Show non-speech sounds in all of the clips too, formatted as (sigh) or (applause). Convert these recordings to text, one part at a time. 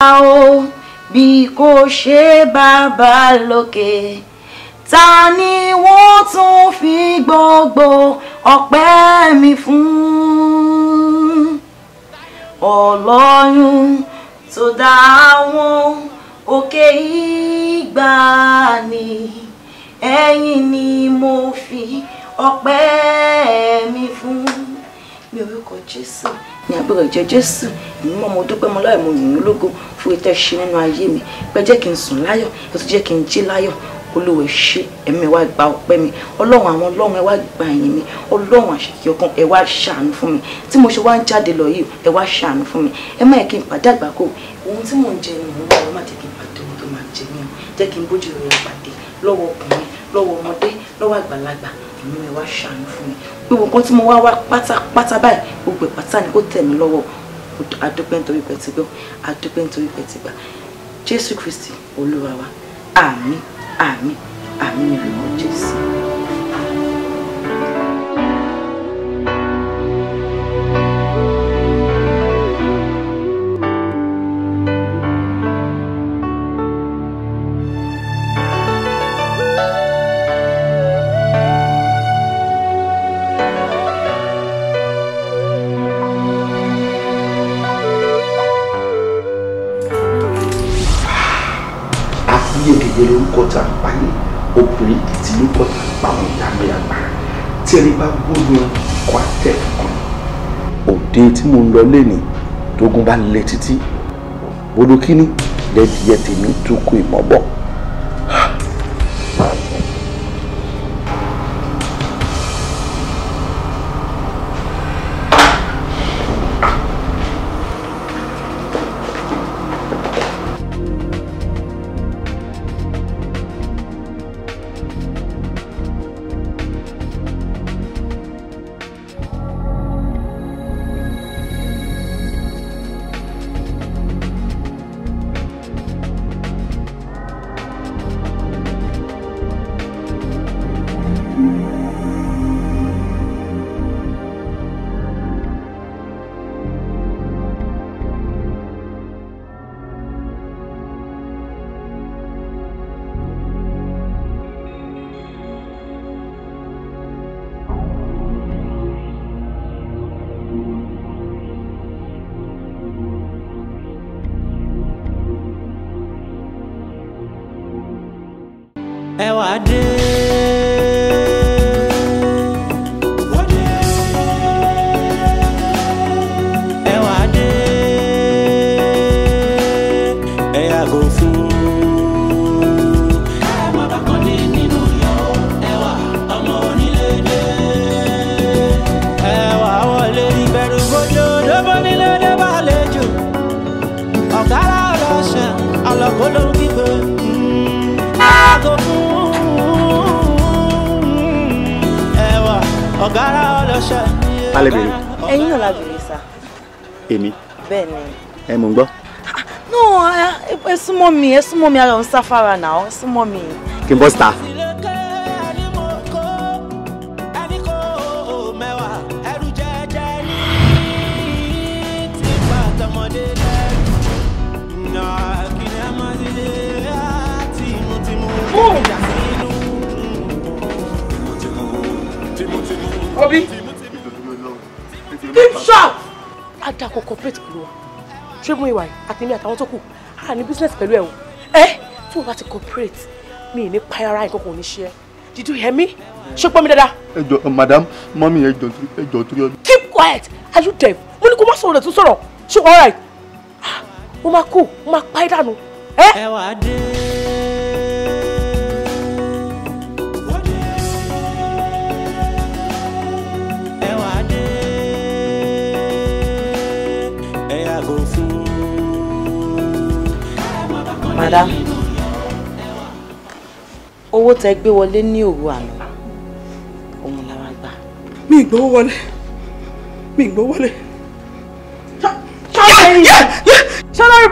o bí kò ṣe bàbá lókè ta ni wọ́n tún fi gbogbo ọpẹ́ mi fún ọlọ́run tó dá wọn òkè ìgbà ni ẹ̀yin ni mo fi ọpẹ́ mi fún ní orúkọ Jésù ní agbára ìjẹ jésù ìmú ọmọ dúpẹ́ mo láì mo yìn ín lógo fún ètò ẹ̀ṣẹ̀ nínú ayé mi pé jẹ́ kí n sùn láyọ̀ ẹ tún jẹ́ kí n jí láyọ̀ olówó ṣe ẹ̀mí wa gba ọpẹ́ mi ọlọ́run àwọn ọlọ́run ẹ wá gba ẹ̀yìn mi ọlọ́run àṣekì ọkàn ẹ wá ṣàánú fún mi tí mo ṣe wá ń jáde lọ yìí ẹ wá ṣàánú fún mi ẹ má yẹ kí n pàdé àgbákò ohun tí mò ń jẹ ni mò ń wọ kí n pàdé ohun tó máa jẹ mí o jẹ́ kí n bójú rẹ pàdé lọ́wọ́ ọkùnrin lọ́wọ́ ọmọdé lọ́wọ́ àgbàlagbà ẹ̀mí ẹ wá ṣàánú fún mi gbogbo nǹkan tí mo wá wá pátápátá báyìí gbogbo ìpátá ni kò tẹ̀ mí lọ́wọ́ adúpẹ́ nítorí pẹ̀ ti gbọ́ adúpẹ́ nítorí pẹ̀ ti gbà jésù kristi olúwa wa àmín àmín àmín ìrìnà jésù. gbóyún kwatẹ kan òde tí mo ń lọ lẹ́nì tógun bá lẹ títí bolokini lẹ́dìí ẹ̀ tèmi tó kú ìmọ̀bọ̀. é o adeus. down safara now súnmọ́ mi. kí Obi, keep sharp. Adakọ̀ corporate kúrò wa, ṣé mú ìwà yìí àti èmi àtàwọn tó kù, a ní business pẹ̀lú ẹ̀ o tó o ti cooperate mi ì ní pa ara nǹkan kò ní did you hear me ṣé pọ́n mi dáadáa. ẹ jọ madam mọ́mí ẹ jọ torí ọdún. keep quiet are you deaf mo ní kó má sọ̀rọ̀ rẹ̀ tún sọ̀rọ̀ ṣé all right ah, mo máa kú mo máa pa ẹ́ dànù. ẹ madam owó tẹ gbé wọlé ní òwú àná òun la wá gbà. mi ìgbówó wọlé mi ìgbówó wọlé.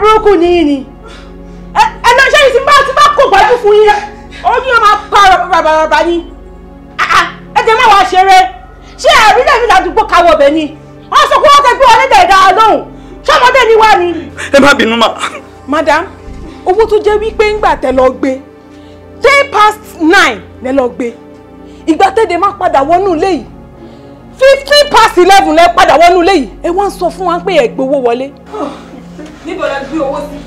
burúkú ni yìí ni ẹ náà ṣe ti bá kó gbájú fún yín ọmọ rọ̀bàrọ̀bà ni ah, ah, ẹ jẹ́ máa wá ṣeré ṣé ládùúgbò káwọ́ ọbẹ̀ ni wọ́n sọ pé wọ́n tẹ gbé wọlé lóhùn ni wá ni. ẹ má bínú madam owó tó jẹ́ wípé ńgbà tẹ lọ gbé ten past nine lẹ lọ gbé ìgbà tẹ́dẹ̀ máa padà wọnú ilé yìí fifteen past eleven lẹ padà wọnú ilé yìí ẹ wá ń sọ fún wa pé ẹ gbowó wọlé. níbo la gbé owó sí.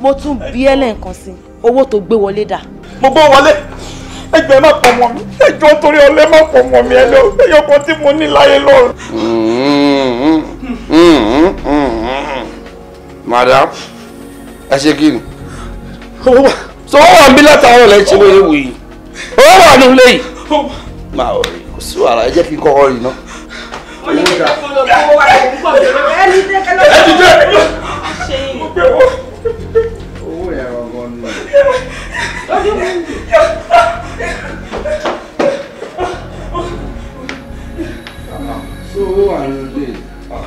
mo tún bí ẹ lẹ́ǹkan sí owó tó gbé wọlé dà. mo bọ́ wọlé ẹgbẹ́ ẹ má pọ̀ mọ́ mi ẹjọ́ torí ọlẹ́ má pọ̀ mọ́ mi ẹ lọ ẹyọkọ tí mo ní láyé lọ́rùn. Mm-hmm. Mm-hmm. Mm-hmm madam ẹ ṣe kí ni. so ó wà ń bí látàárọ̀ lẹ́yìn tí mo lè wù yìí ó wà ní ilé yìí. máa ò rí kò sí wàhálà ẹ jẹ́ kí n kọ́kọ́ rí iná. ẹ ti dé. owó yẹn ọgbọ́n ni. Ah, so ó wà ní ilé yìí. Ah,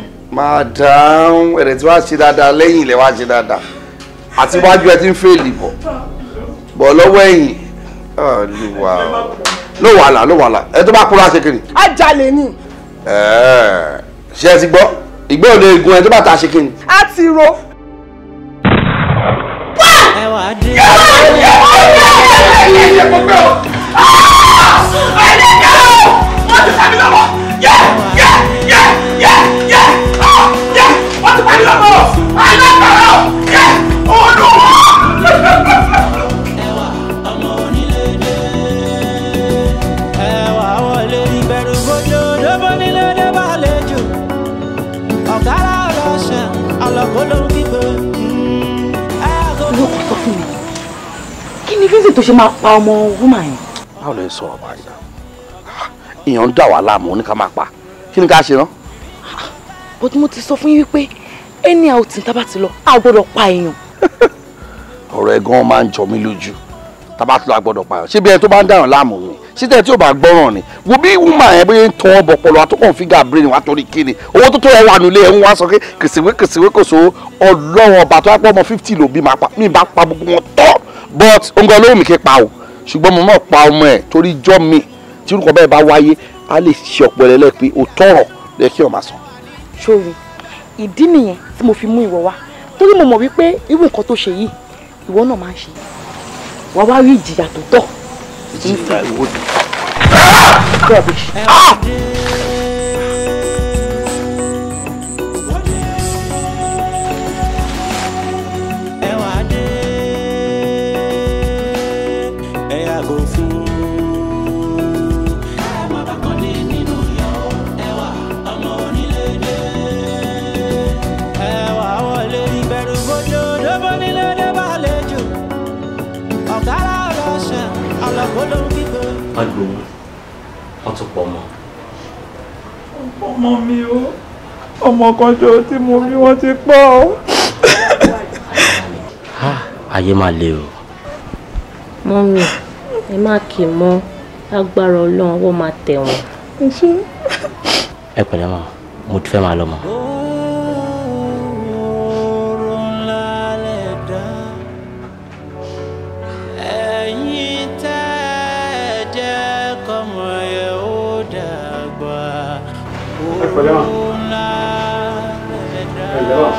madam ẹ̀rẹ̀ tí wàá ṣe dáadáa lẹ́yìn ilẹ̀ wàá ṣe dáadáa àti wájú ẹ ti ń fèèlì bọ̀ bọ̀ lọ́wọ́ ẹ̀yìn lùwà ló wà là ló wà là ẹ tó bá kúra ṣe kiri. ajalè ni. ṣé ẹ ti gbọ́ ìgbẹ́ ò lè gun ẹ tó bá ta ṣe kiri. a ti ro. ẹwà dín. ẹ̀ẹ́dẹ̀gbọ́n ẹ̀ẹ́dẹ̀gbọ́n ẹ̀ẹ́dẹ̀gbọ́n alákọ̀ọ́ alákọ̀ọ́ yẹ olùwọ́. ẹwà ọmọ onílé dé ẹwà wọlé ìbẹ̀rù bójú lóbó nílé dé bàlejò ọ̀gára ọlọ́ṣẹ́ ọlọ́kọ́ ló ń kígbe. ló ṣe máa pa ọmọ wúmà yẹn. báwo lè sọ̀rọ̀ báyìí náà èèyàn ń dà wá láàmú ní kí ni ká ṣe náà. bó ti mo ti sọ fún yín wípé ẹni àwọn tí tá bá ti lọ a gbọ́dọ̀ pa èèyàn. (laughs) ọ̀rọ̀ ẹ̀gán máa ń jọ mí lójú tá bá ti lọ a gbọ́dọ̀ pa èèyàn ṣé bí ẹni tó bá ń dàrán láàmú mi síta tí o bá gbọ́ràn ni wo bí wúmà yẹn bóyá ń tan ọbọ̀ pọ̀lọ́ àtọkàn fígà brain wa torí kíni owó tó tó ẹ wà nílé ẹ ń wá sọ pé kìsìwé kìsìwé kò so ọlọ́run ọba tó wá pọ̀ ọmọ fifty ló bí mi bá pa gbogbo wọn tọ́ but nǹkan olówó mi kì pa o ṣùgbọ́n mo máa pa ọmọ ẹ̀ torí jọ́ mi tí orúkọ bẹ́ẹ̀ bá wáyé a lè ṣe ọ̀pọ̀ ẹlẹ́lẹ́ pé o tọ̀rọ̀ lẹ́kí ọ̀ máa sọ. sórí ìdí nìyẹn tí mo fi mú ìwọ wá torí mo mọ̀ wípé irú nǹkan tó ṣe yìí ìwọ náà máa ń ṣe wàá wá rí ìjìyà tó tọ́. ìjìyà ìwọ́dù. wọ́n gbowó wọ́n tún pọ̀ mọ́. ọmọ mi o ọmọ kan jọ tí mo rí wọ́n ti pọ̀ o. ayé máa le o. mọ́mí ẹ má kì í mọ́ lágbára ọlọ́run ọwọ́ máa tẹ̀ wọ́n. ẹ pẹ̀lẹ́ mọ́ mo ti fẹ́ máa lọ mọ́. pẹ̀lẹ́ wọn pẹ̀lẹ́ wọn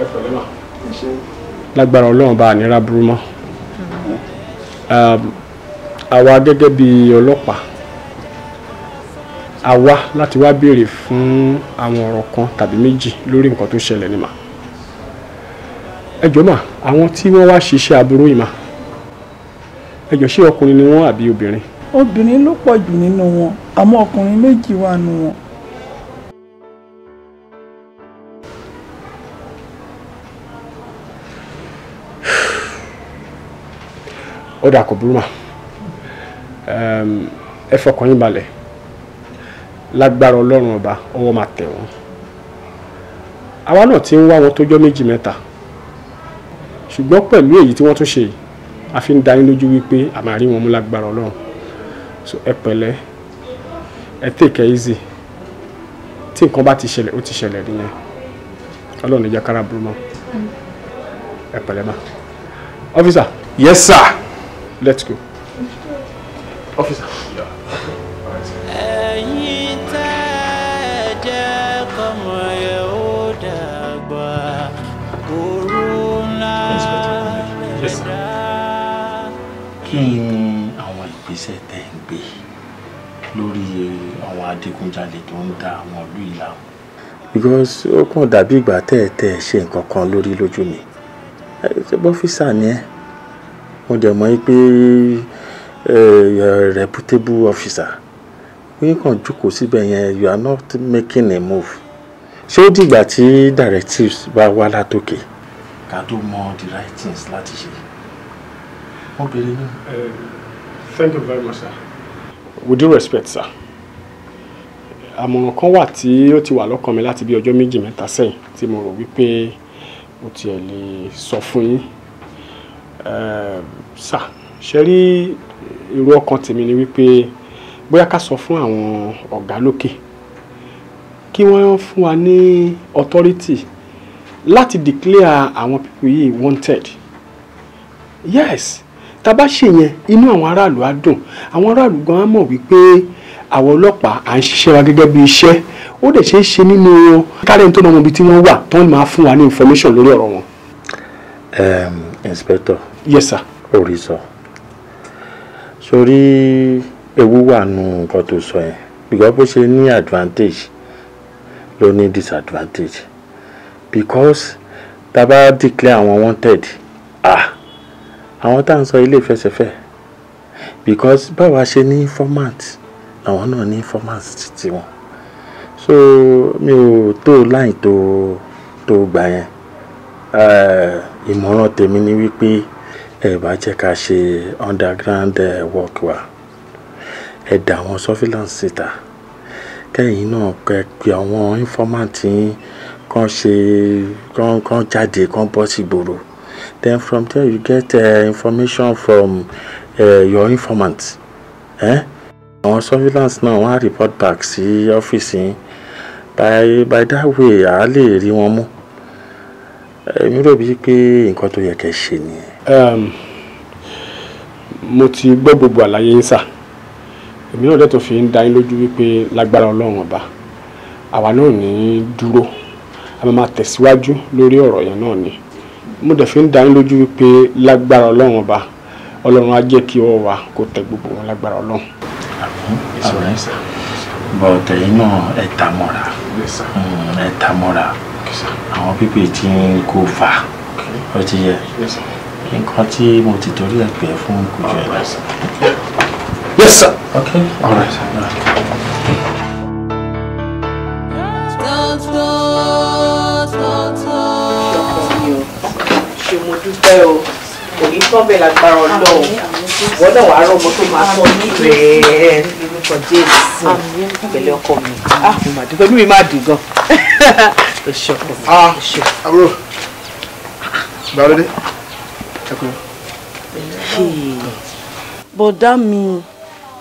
ẹ pẹ̀lẹ́ wọn. lágbára ọlọ́run bá a nira burú mọ́ um, àwa gẹ́gẹ́ bí ọlọ́pàá a wá láti wá béèrè fún àwọn ọ̀rọ̀ kan tàbí méjì lórí nǹkan tó ṣẹlẹ̀ ní mà ẹ jọ̀ọ́ mà àwọn tí wọ́n wá ṣiṣẹ́ aburú yìí mà ẹ jọ̀ọ́ ṣé ọkùnrin ni wọ́n àbí obìnrin obìnrin ló pọ̀ jù nínú wọn àmọ́ ọkùnrin méjì wà nù wọn. ó dà kò burú mà ẹ fọkàn yín balẹ̀ lágbára ọlọ́run ọba ọwọ́ máa tẹ̀ wọ́n àwa náà ti ń wá wọn tójọ́ méjì mẹ́ta ṣùgbọ́n pẹ̀lú èyí tí wọ́n tún ṣe yìí a fi ń dání lójú wípé a máa rí wọn mú lágbára ọlọ́run so ẹ pẹ̀lẹ́ ẹ take it easy tí nǹkan bá ti ṣẹlẹ̀ ó ti ṣẹlẹ̀ nìyẹn ọlọ́run ní jẹ́ kára burú mọ́ ẹ ma officer yes sir let's go officer. adigunjalè tó ń da àwọn ìlú ìlà wọn. because ó kàn dàbí ìgbà tẹ́ẹ̀tẹ́ ṣe nǹkan kan lórí lójú mi bọ́físà ni ẹ́ mo dẹ̀ mọ̀ pé reputable officer pé kàn jókòó síbẹ̀ yẹn you are not making a move ṣé ó dìgbà tí directives bá wá látòkè. ká tó mọ the right things láti ṣe mo bèrè náà. thank you very much sir. with due respect sir àmọ̀ràn kan wà tí ó ti wà lọ́kàn mi láti bí ọjọ́ méjì mẹ́ta sẹ́yìn tí mo rò wípé mo tiẹ̀ lè sọ fún yín sà ṣe rí irú ọkàn tèmi ni wípé bóyá ká sọ fún àwọn ọ̀gá lókè kí wọ́n fún wa ní authority láti declare àwọn people yìí wanted yes tá a bá ṣèyẹn inú àwọn aráàlú á dùn àwọn aráàlú gan á mọ̀ wípé àwọn ọlọ́pàá à ń ṣiṣẹ́ wa gẹ́gẹ́ bí iṣẹ́ ó dẹ̀ ṣe é ṣe nínú wọn kárẹ́ni tó lọ́mọ ibi tí wọ́n wà tó ń máa fún wa ní information lórí ọ̀rọ̀ wọn. inspector. yes sir. orí sọ sórí ewu wà nù nǹkan tó sọ yẹn bìkọ́ bó ṣe ní advantage ló ní disadvantage because tá a bá declare àwọn wanted ah àwọn tá à ń sọ ilé ìfẹsẹ̀fẹ̀ because báwa ṣe ní informant àwọn náà ní informants títí wọn so mi ò tó láì tó tó gbà yẹn eh, ìmọ̀ràn tèmi ni wípé ẹ bá jẹ́ ká ṣe underground eh, work wa ẹ dà àwọn surveillance síta kẹ́yìn náà kẹ́ pe àwọn informant yín kàn ṣe kàn kàn jáde kàn bọ́ sí gbòòrò then from there you get uh, information from uh, your informant. Eh? àwọn surveillance náà wọ́n á report back sí ọ́fíìsì yín by by that way à á lè rí wọn mú èmi rò bíi pé nǹkan tó yẹ kẹ́ ṣe nìyẹn. Ehm, mo ti gbọ́ gbogbo àlàyé yín sà èmi náà dẹ́tọ̀ fi ń dá yín lójú wípé lágbára ọlọ́run ọba àwa náà ní dúró a máa tẹ̀síwájú lórí ọ̀rọ̀ yẹn náà ni mo dẹ̀ fi ń dá yín lójú wípé lágbára ọlọ́run ọba ọlọ́run á jẹ́ kí ọwọ́ wa kó tẹ gbogbo wọn lágbára ọlọ́run but ẹ̀yin náà ẹ ta mọ́ra mm, ẹ ta mọ́ra àwọn pípé tí ń kó fa ó ti yẹ nǹkan tí mo ti torí ẹ pè fún kùjọ ẹ lọ. yes sir. okay all right. All right. ṣe mo dúpẹ́ o kò ní tán bẹ́ẹ̀ lágbára ọlọ́run wọ́n náà wàá rọ́mọ tó máa sọ nífẹ̀ẹ́ lórúkọ jésù pẹ̀lú ọkọ mi ah. mo máa dúpẹ́ mi máa dùn gan o (laughs) ṣe ọkọ mi o ah, ṣe. àbúrò bàbá dé ẹkùn. bọ̀dá mi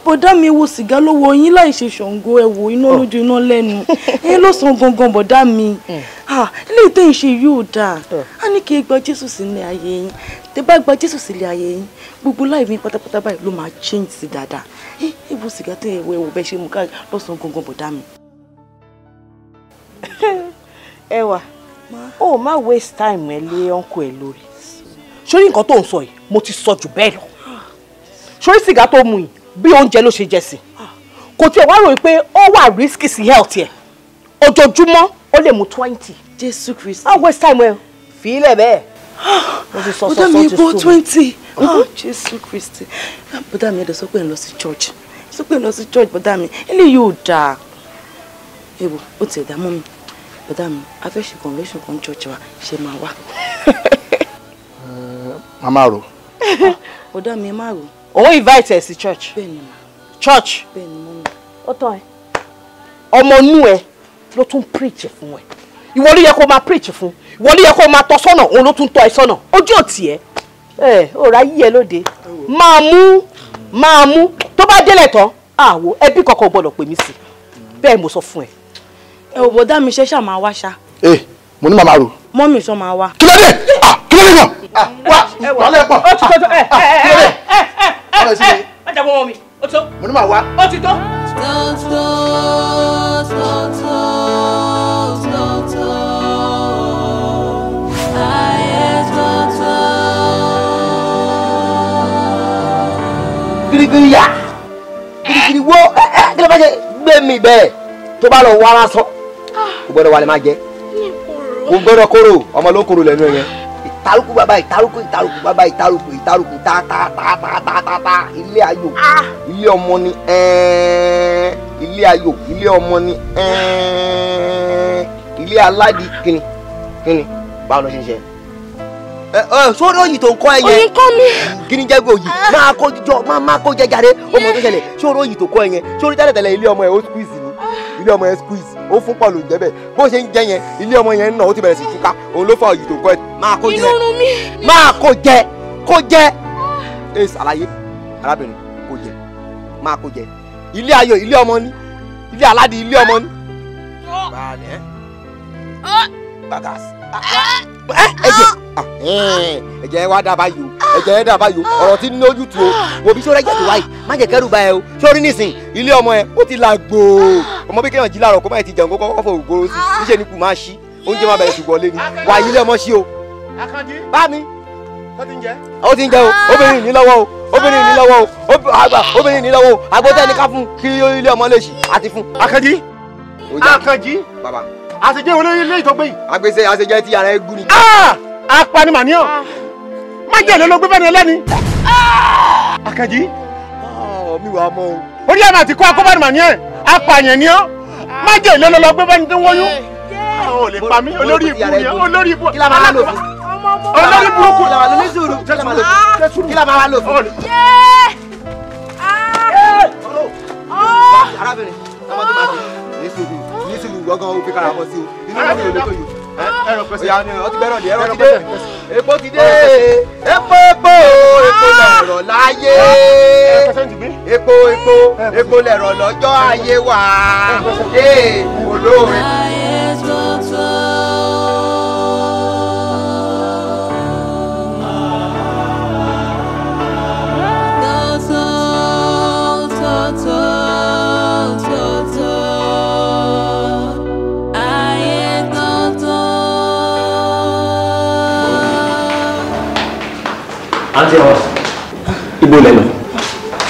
bọ̀dá mi wo sìgá lọ́wọ́ yín láì ṣe ṣàngó ẹ̀wò iná oh. lójú iná lẹ́nu yín ló san gangan bọ̀dá mi ilé mm. ah, ìtẹ̀yìn ṣe yóò dáa oh. a ní kí ẹ gba jésù sínú ayé yín tẹ bá gba jésù sílé ayé yín gbogbo láì mi pátápátá báyìí ló máa change sí dáadáa ẹ ewu sìgá tẹ ẹwọ ẹwọ bẹ́ẹ̀ ṣe mú káàkiri lọ́sàn-án gangan bọ̀dá mi. (laughs) ẹwà ó má waste time ẹ lé ọ̀nkọ ẹ lórí sórí nǹkan tó ń sọ yìí mo ti sọ jù bẹ́ẹ̀ lọ sórí sìgá tó mu yìí bí oúnjẹ ló ṣe jẹ sí kò tiẹ̀ wá ròyìn pé ó wà risky sí health yẹn ojoojúmọ́ ó lè mu twenty. jésù kristu. má waste time ẹ fi ilẹ̀ bẹ́ẹ̀ bọ́dà mi bọ́ twenty ah. oh, jésù kristi bọ́dà mi ẹ̀dọ̀ sọ pé ń lọ sí church sọ pé ń lọ church bọ́dà mi eléyìí ò dáa ewu ó ti ẹ̀dá mọ́ mi bọ́dà mi a fẹ́ ṣe convention kan church wa ṣe máa wá. má (laughs) má rò. bọ́dà mi má rò. òun invite ẹ sí church. bẹ́ẹ̀ni ma. church. bẹ́ẹ̀ni mọ́ mi. ó tọ́ ẹ. ọmọ inú ẹ ló tún preach fún ẹ ìwọ ló yẹ kó máa preach fún wọ́n ló yẹ kó máa tọ́ sọ́nà òun ló tún tọ́ ẹ sọ́nà ojú òtí ẹ ẹ òòrà yí ẹ lóde máa mú máa mú tó bá délẹ̀ tán àwo ẹbí kankan ò gbọ́dọ̀ pè mí sí bẹ́ẹ̀ mo sọ fún ẹ. ẹ ò bọ́dá mi ṣẹ́ṣà máa wá ṣá. ee mo ní màmá rò. mọ́mì sọ máa wá. kí ló dé kí ló dé náà. wá wà lẹ́pọ̀. ó ti tó ẹ ẹ ẹ ẹ ẹ ẹ ẹ má jà bọ́ wọn mi ó ti tó. mo ní màá wá. ó ti tó. tó tó tó tó. kirikiri ya, kirikiri wo ẹ eh, ẹ eh, kí ló bá jẹ gbé mi bẹ́ẹ̀ tó bá lọ wá lásán kò gbọ́dọ̀ wà lè má jẹ kò gbọ́dọ̀ kóró ọmọ ló kóró lẹ́nu yẹn ìtàlùkù bàbá ìtàlùkù ìtàlùkù bàbá ìtàlùkù ìtàlùkù tá tá tá tá tá tá tá ilé ayò ilé ọmọ ni ilé ayò ilé ni ilé aládìí kíni kíni báwo ló ṣe ń sórí òyì tó ń kọ́ ẹ yẹn òyì kọ́ mi kíni jẹ́ gbòòyì ah. máa kó jọ máa máa kó jẹ jàre ó mọ̀ tó ṣẹlẹ̀ sórí òyì tó kọ́ ẹ yẹn sórí tẹ́lẹ̀ tẹ́lẹ̀ ilé ọmọ ẹ ó squeeze ni ah. ilé ọmọ ẹ squeeze ó fún pọ̀ ló ń jẹ́bẹ̀ bó ṣe ń jẹ yẹn ilé ọmọ yẹn ń nà ó ti bẹ̀rẹ̀ sí túká òun ló fa òyì tó kọ́ ẹ máa kó jẹ máa kó jẹ kó jẹ ah. ẹ ṣàlàyé arábìnrin kó jẹ máa kó jẹ ilé ayọ̀ ilé ọmọ ní ilé aládìí ilé ọmọ ní. bàálẹ̀ bàgàsì ẹ̀jẹ̀ ah, ẹ̀jẹ̀ wa dà báyìí o ẹ̀jẹ̀ yẹn dà báyìí o ọ̀rọ̀ tí ní lójú tu o wo bí sọ́ra ẹ̀jẹ̀ tó wáyìí má jẹ́ kẹ́rù báyìí o sórí nísìn ilé ọmọ yẹn ó ti la gbòò ọmọ bí kéèyàn jí láàárọ̀ kó má yẹ ti jẹun kó fọ ògoro sí níṣẹ́ ni kù máa ṣí oúnjẹ máa bẹ̀rẹ̀ ṣùgbọ́n lé ni wà ilé ọmọ ṣí o. bá mi ó ti ń jẹ o obìnrin ní lọ́wọ́ o obìnrin ní lọ́wọ́ o obìnrin ní lọ́wọ́ o agbótẹ́ni ká fún baba àṣejẹ olórí ilé ìtọ́gbé yìí. àgbèsè àṣejẹ ti ara egun ni. Ah! apanimàníyàn ah. májèlé ló gbé fẹ́ni ẹlẹ́ni. Ah! àkànjí. mi wàá mọ o. orí ẹ̀ máa ti kó akóbánimàníyàn apààyàn ni ọ́ májèlé ló lọ gbé fẹ́ni tó wọ́yún. o lè pa mí olórí ikú ni olórí ikú. kí la máa lò fún. olórí burúkú. kí la lò fún. kí la lò fún. arábìnrin ọmọ tó máa sí ìlú gbọ̀ngàn òun fi kára kọ sí o nínú ìlú òde tó yìí ẹrọ pẹsẹ ìyá ni ọtí bẹrọ ni ẹrọ ti dé epo ti dé epo epo epo lẹ̀rọ̀ láyé epo epo epo lẹ̀rọ̀ lọ́jọ́ ayé wa olóore. àǹtí ọ̀s. ibo lẹ lọ.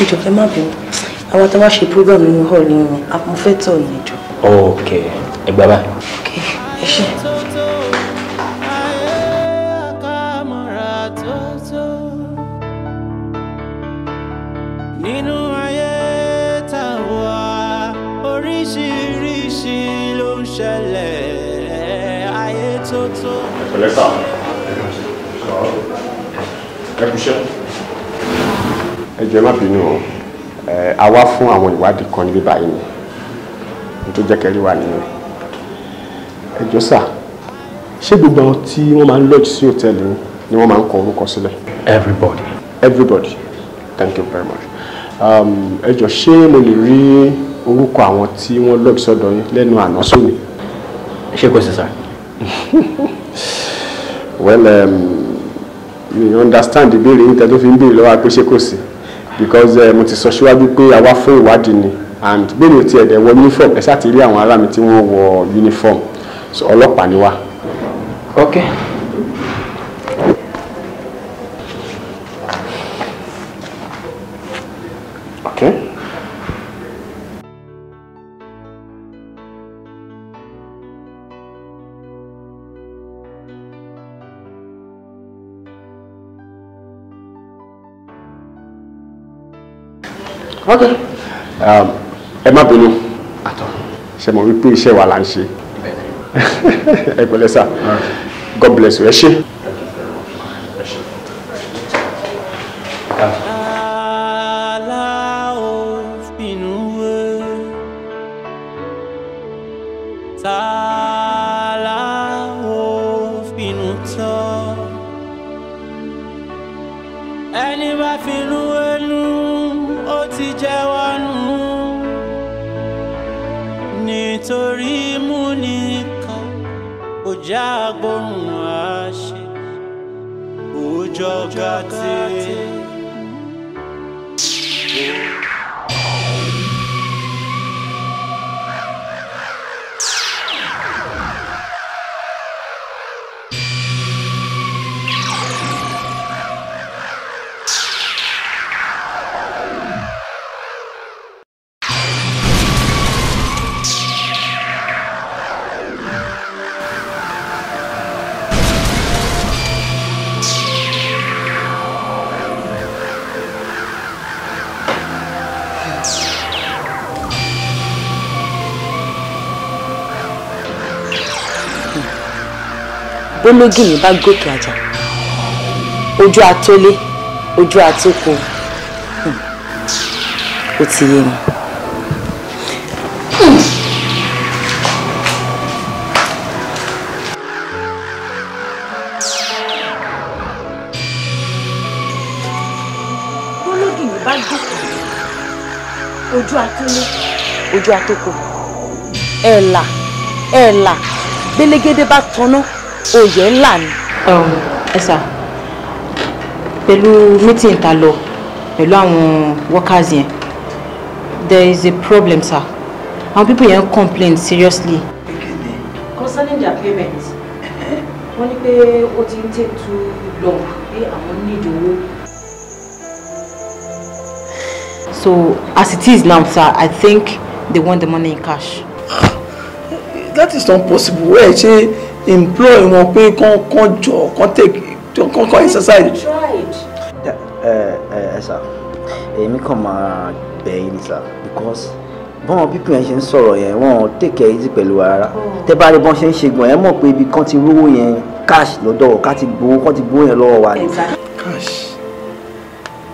ìjọ ẹ má bínú àwọn tí wọn ṣe program nínú hall ni wọn mo fẹ́ tọ̀ ní ìjọ. ok ẹgbàá báyìí. ẹ kú iṣẹ́. ẹ jẹ́ má bínú o a wá fún àwọn ìwádìí kan níbí báyìí ni n tó jẹ́ kẹ́rí wà nínú ẹ jọ sà ṣé gbogbo àwọn tí wọ́n máa ń lodge sí hòtẹ́ẹ̀lì ni wọ́n máa ń kọ orúkọ sílẹ̀. everybody. everybody thank you very much um, ẹ jọ ṣé mo lè rí orúkọ àwọn tí wọ́n lodge sọ́dọ̀ yín lẹ́nu àná sóni. ṣé kò sí sá. (laughs) well um, you understand ìbéèrè yín tẹ́ tó fi ń béèrè lọ́wọ́ àpèṣe kò sí because eh, mo ti sọ síwájú pé a wá fún ìwádìí ni and béèrè ti ẹ̀dẹ̀ wọ uniform ẹ̀ ṣáà ti rí àwọn ará mi tí wọ́n wọ uniform so ọlọ́pàá ni wá. okay. ok um, ẹ má bínú àtọ ṣe mọ̀ wípé iṣẹ́ wa là ń ṣe (laughs) ẹ pẹ̀lẹ́ sà god bless you ẹ ṣé. agbórùn àṣẹ òòjọ́ gàtí. bó lógìní bá gòkè àjà ojú atólé ojú atóko hmm. ó ti yé mi. bólógìní hmm. bá gòkè ojú atólé ojú atóko ẹ̀là ẹ̀là gbélégédé bá tanná oyè ńlá ni. Um, ẹ sà pẹ̀lú mítìn ta lọ pẹ̀lú àwọn workers yẹn there is a problem sir àwọn people yẹn complain seriously. concerning their payment (laughs) wọ́n ní pé ó ti ń take too long pé àwọn need owó. so as it is now sir i think they want the money in cash. that is not possible wey ṣe. Well, employ wọn pé kán kán jọ kán take kán kán exercise. ẹ ẹ sà èmi kàn máa bẹ̀ yín sà because bọ́n pípín yẹn ṣe ń sọ̀rọ̀ yẹn wọ́n take care easy pẹ̀lú ara oh. tẹ́ bá rí bọ́n ṣe ń ṣe gbọ̀n yẹn mọ̀ pé ibi kan ti rówó yẹn cash lọ́dọ̀ ká ti gbowó kán ti gbowó yẹn lọ́wọ́ wa cash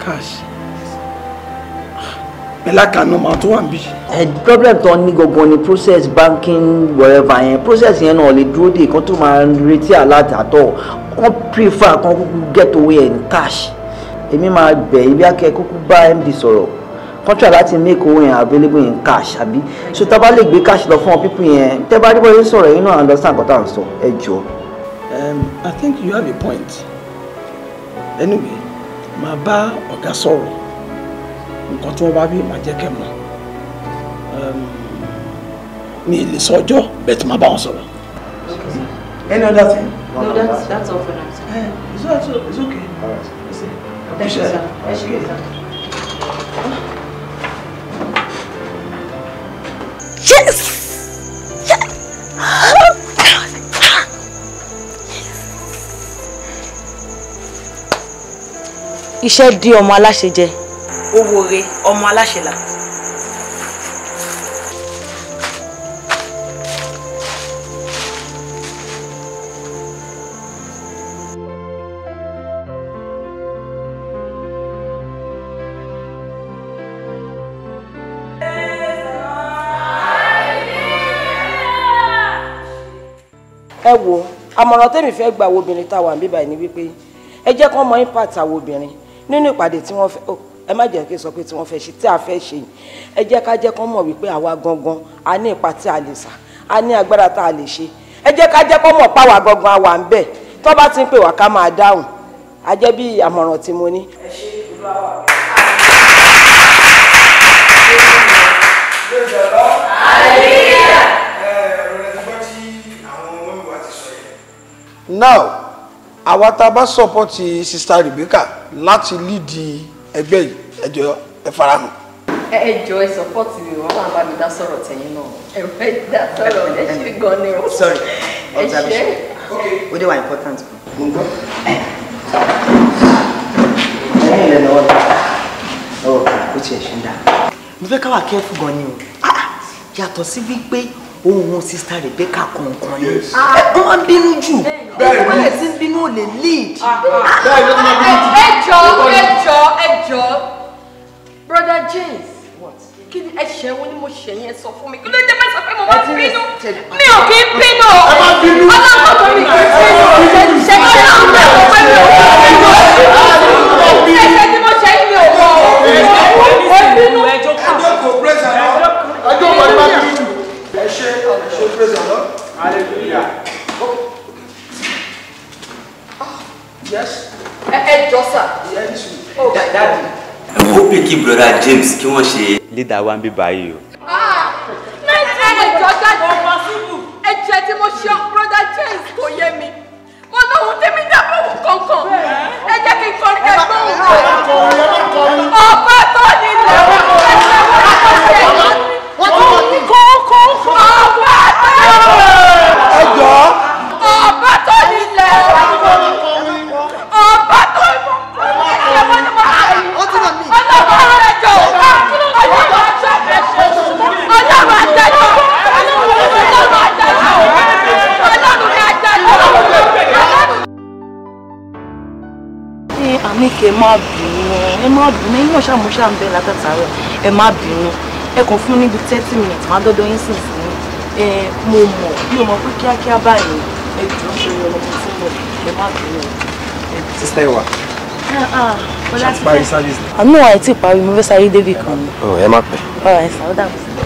cash lákàánú máa tó wà níbí. ẹ problem tó ní gangan ni process banking wherever yẹn process yẹn náà lè dúró dé kan tó máa retí aládàtọ̀ kan prefer kan kúkú get away in cash èmi máa bẹ̀ ibi akẹ́ kúkú bá md sọ̀rọ̀ contract láti make owó yẹn available in cash àbí so tá a bá lè gbé cash lọ fún ọ pípín yẹn tẹ́ bá rí bọ́lá sọ̀rọ̀ yín náà understand nǹkan ń sọ ẹ jọ. I think you have a point anyway màá bá ọ̀gá sọ̀rọ̀ nǹkan tí wọ́n bá bí màá jẹ́ kẹ́ mọ̀ mi ì lè sọ ọjọ́ bẹ́ẹ̀ tí màá bá wọn sọ̀rọ̀. any other thing. no, no that's that's all for now. Sir. Uh, it's, all, it's okay. All right. Listen, I appreciate it. Thank you, sir. Yes! Yes! iṣẹ́ di ọmọ aláṣẹ jẹ owóore ọmọ aláṣẹlà. ẹ wo àmọ̀ràn tèmi fẹ́ gba àwọn obìnrin táwa ń bíbáyìí ni wípé ẹ jẹ́ kó mọ impact àwọn obìnrin nínú ìpàdé tí wọ́n fẹ́ ẹ má jẹ́ kí n sọ pé tí wọ́n fẹ́ ṣe tí a fẹ́ ṣe yìí ẹ jẹ́ ká jẹ́ kán mọ̀ wípé àwa gangan a ní ipa tí a lè sà a ní agbára tá a lè ṣe ẹ jẹ́ ká jẹ́ kán mọ̀ páwa gangan àwa ń bẹ̀ tó bá ti ń pè wá ká máa dáhùn a jẹ́ bí àmọ̀ràn tí mo ní. now àwa tá a bá sọpọ́tì sista Rebecca láti lídìí ẹgbẹ́ yìí ẹ jọ̀ọ́ ẹ farahàn. ẹ jọ̀ọ́ ẹ sọpọ́ọ̀tì mi wọ́n máa bá mi dá sọ̀rọ̀ tẹ̀yìn náà ẹ dá sọ̀rọ̀ ẹ ṣe gan ni o. sorry observation ó dé wà important. mo ń gbọ́. ẹ̀yin ilẹ̀ náà wọ́n lọ ó tiẹ̀ ṣe ń dá. mo fẹ́ ká wà kẹ́fù gan ni o ah, ah. yàtọ̀ sí wípé ohun sista Rebecca kọ̀ọ̀kan ni wọ́n bínú jù bẹ́ẹ̀ ni wọ́n ti ń bínú ò lè lead. bẹ́ẹ̀ ni wọ́n ti ń bínú. ẹjọ́ brother James kí ni ẹ̀ṣẹ̀ wo ni mo ṣe yẹn sọ fún mi kí ló dé bá sọ pé mo máa bínú mi ò kí ń bínú ọlọ́pàá tó mi kì í bínú ṣe ṣe ṣe ń bẹ̀ wọ́n pé mi ò kí ń bínú ẹ̀ṣẹ̀ tí mo ṣe yìí mi ò mọ̀ ọ́ bínú. ẹjọ́ kò pèsè àná ẹjọ́ kò pèsè àná ẹ̀ṣẹ̀ àṣẹ pèsè àná. Yes, ẹ jọ sà. Oh. dáàdi ẹ kó pikin broda James kí wọ́n ṣe. leader wa ń bí báyìí o. Ah, ẹ jẹ́ tí mo ṣe brother James kò yé mi mo lóhun tèmi dábọ̀ wù kankan ẹ jẹ́ kí n kọrin ẹ gbóhùn kan ọba tó nílò ẹ jẹ́ wọ́n kọ́ sí ẹ̀yìn kó kó kó ọba tó nílò. ẹ jọ̀ọ́. ní kí ẹ má bínú ẹ má bínú ẹ náà ṣàmúṣà ń bẹ látàtàrọ ẹ má bínú ẹ kàn fún níbi thirty minutes má dọ́dọ̀ yín sì fún ẹ mo mọ̀ mi ò mọ̀ pé kíákíá báyìí ẹ jọ ṣe yọ lọ́mọ tí mo ẹ má bínú. sísá ìwà ṣàtìparí sáfíìsì. àánú àìtí parí mo fẹ́ sáré débì kan ni. Oh, ẹ má pẹ́. ọ̀rọ̀ ẹ̀ sàrọ́dà mi.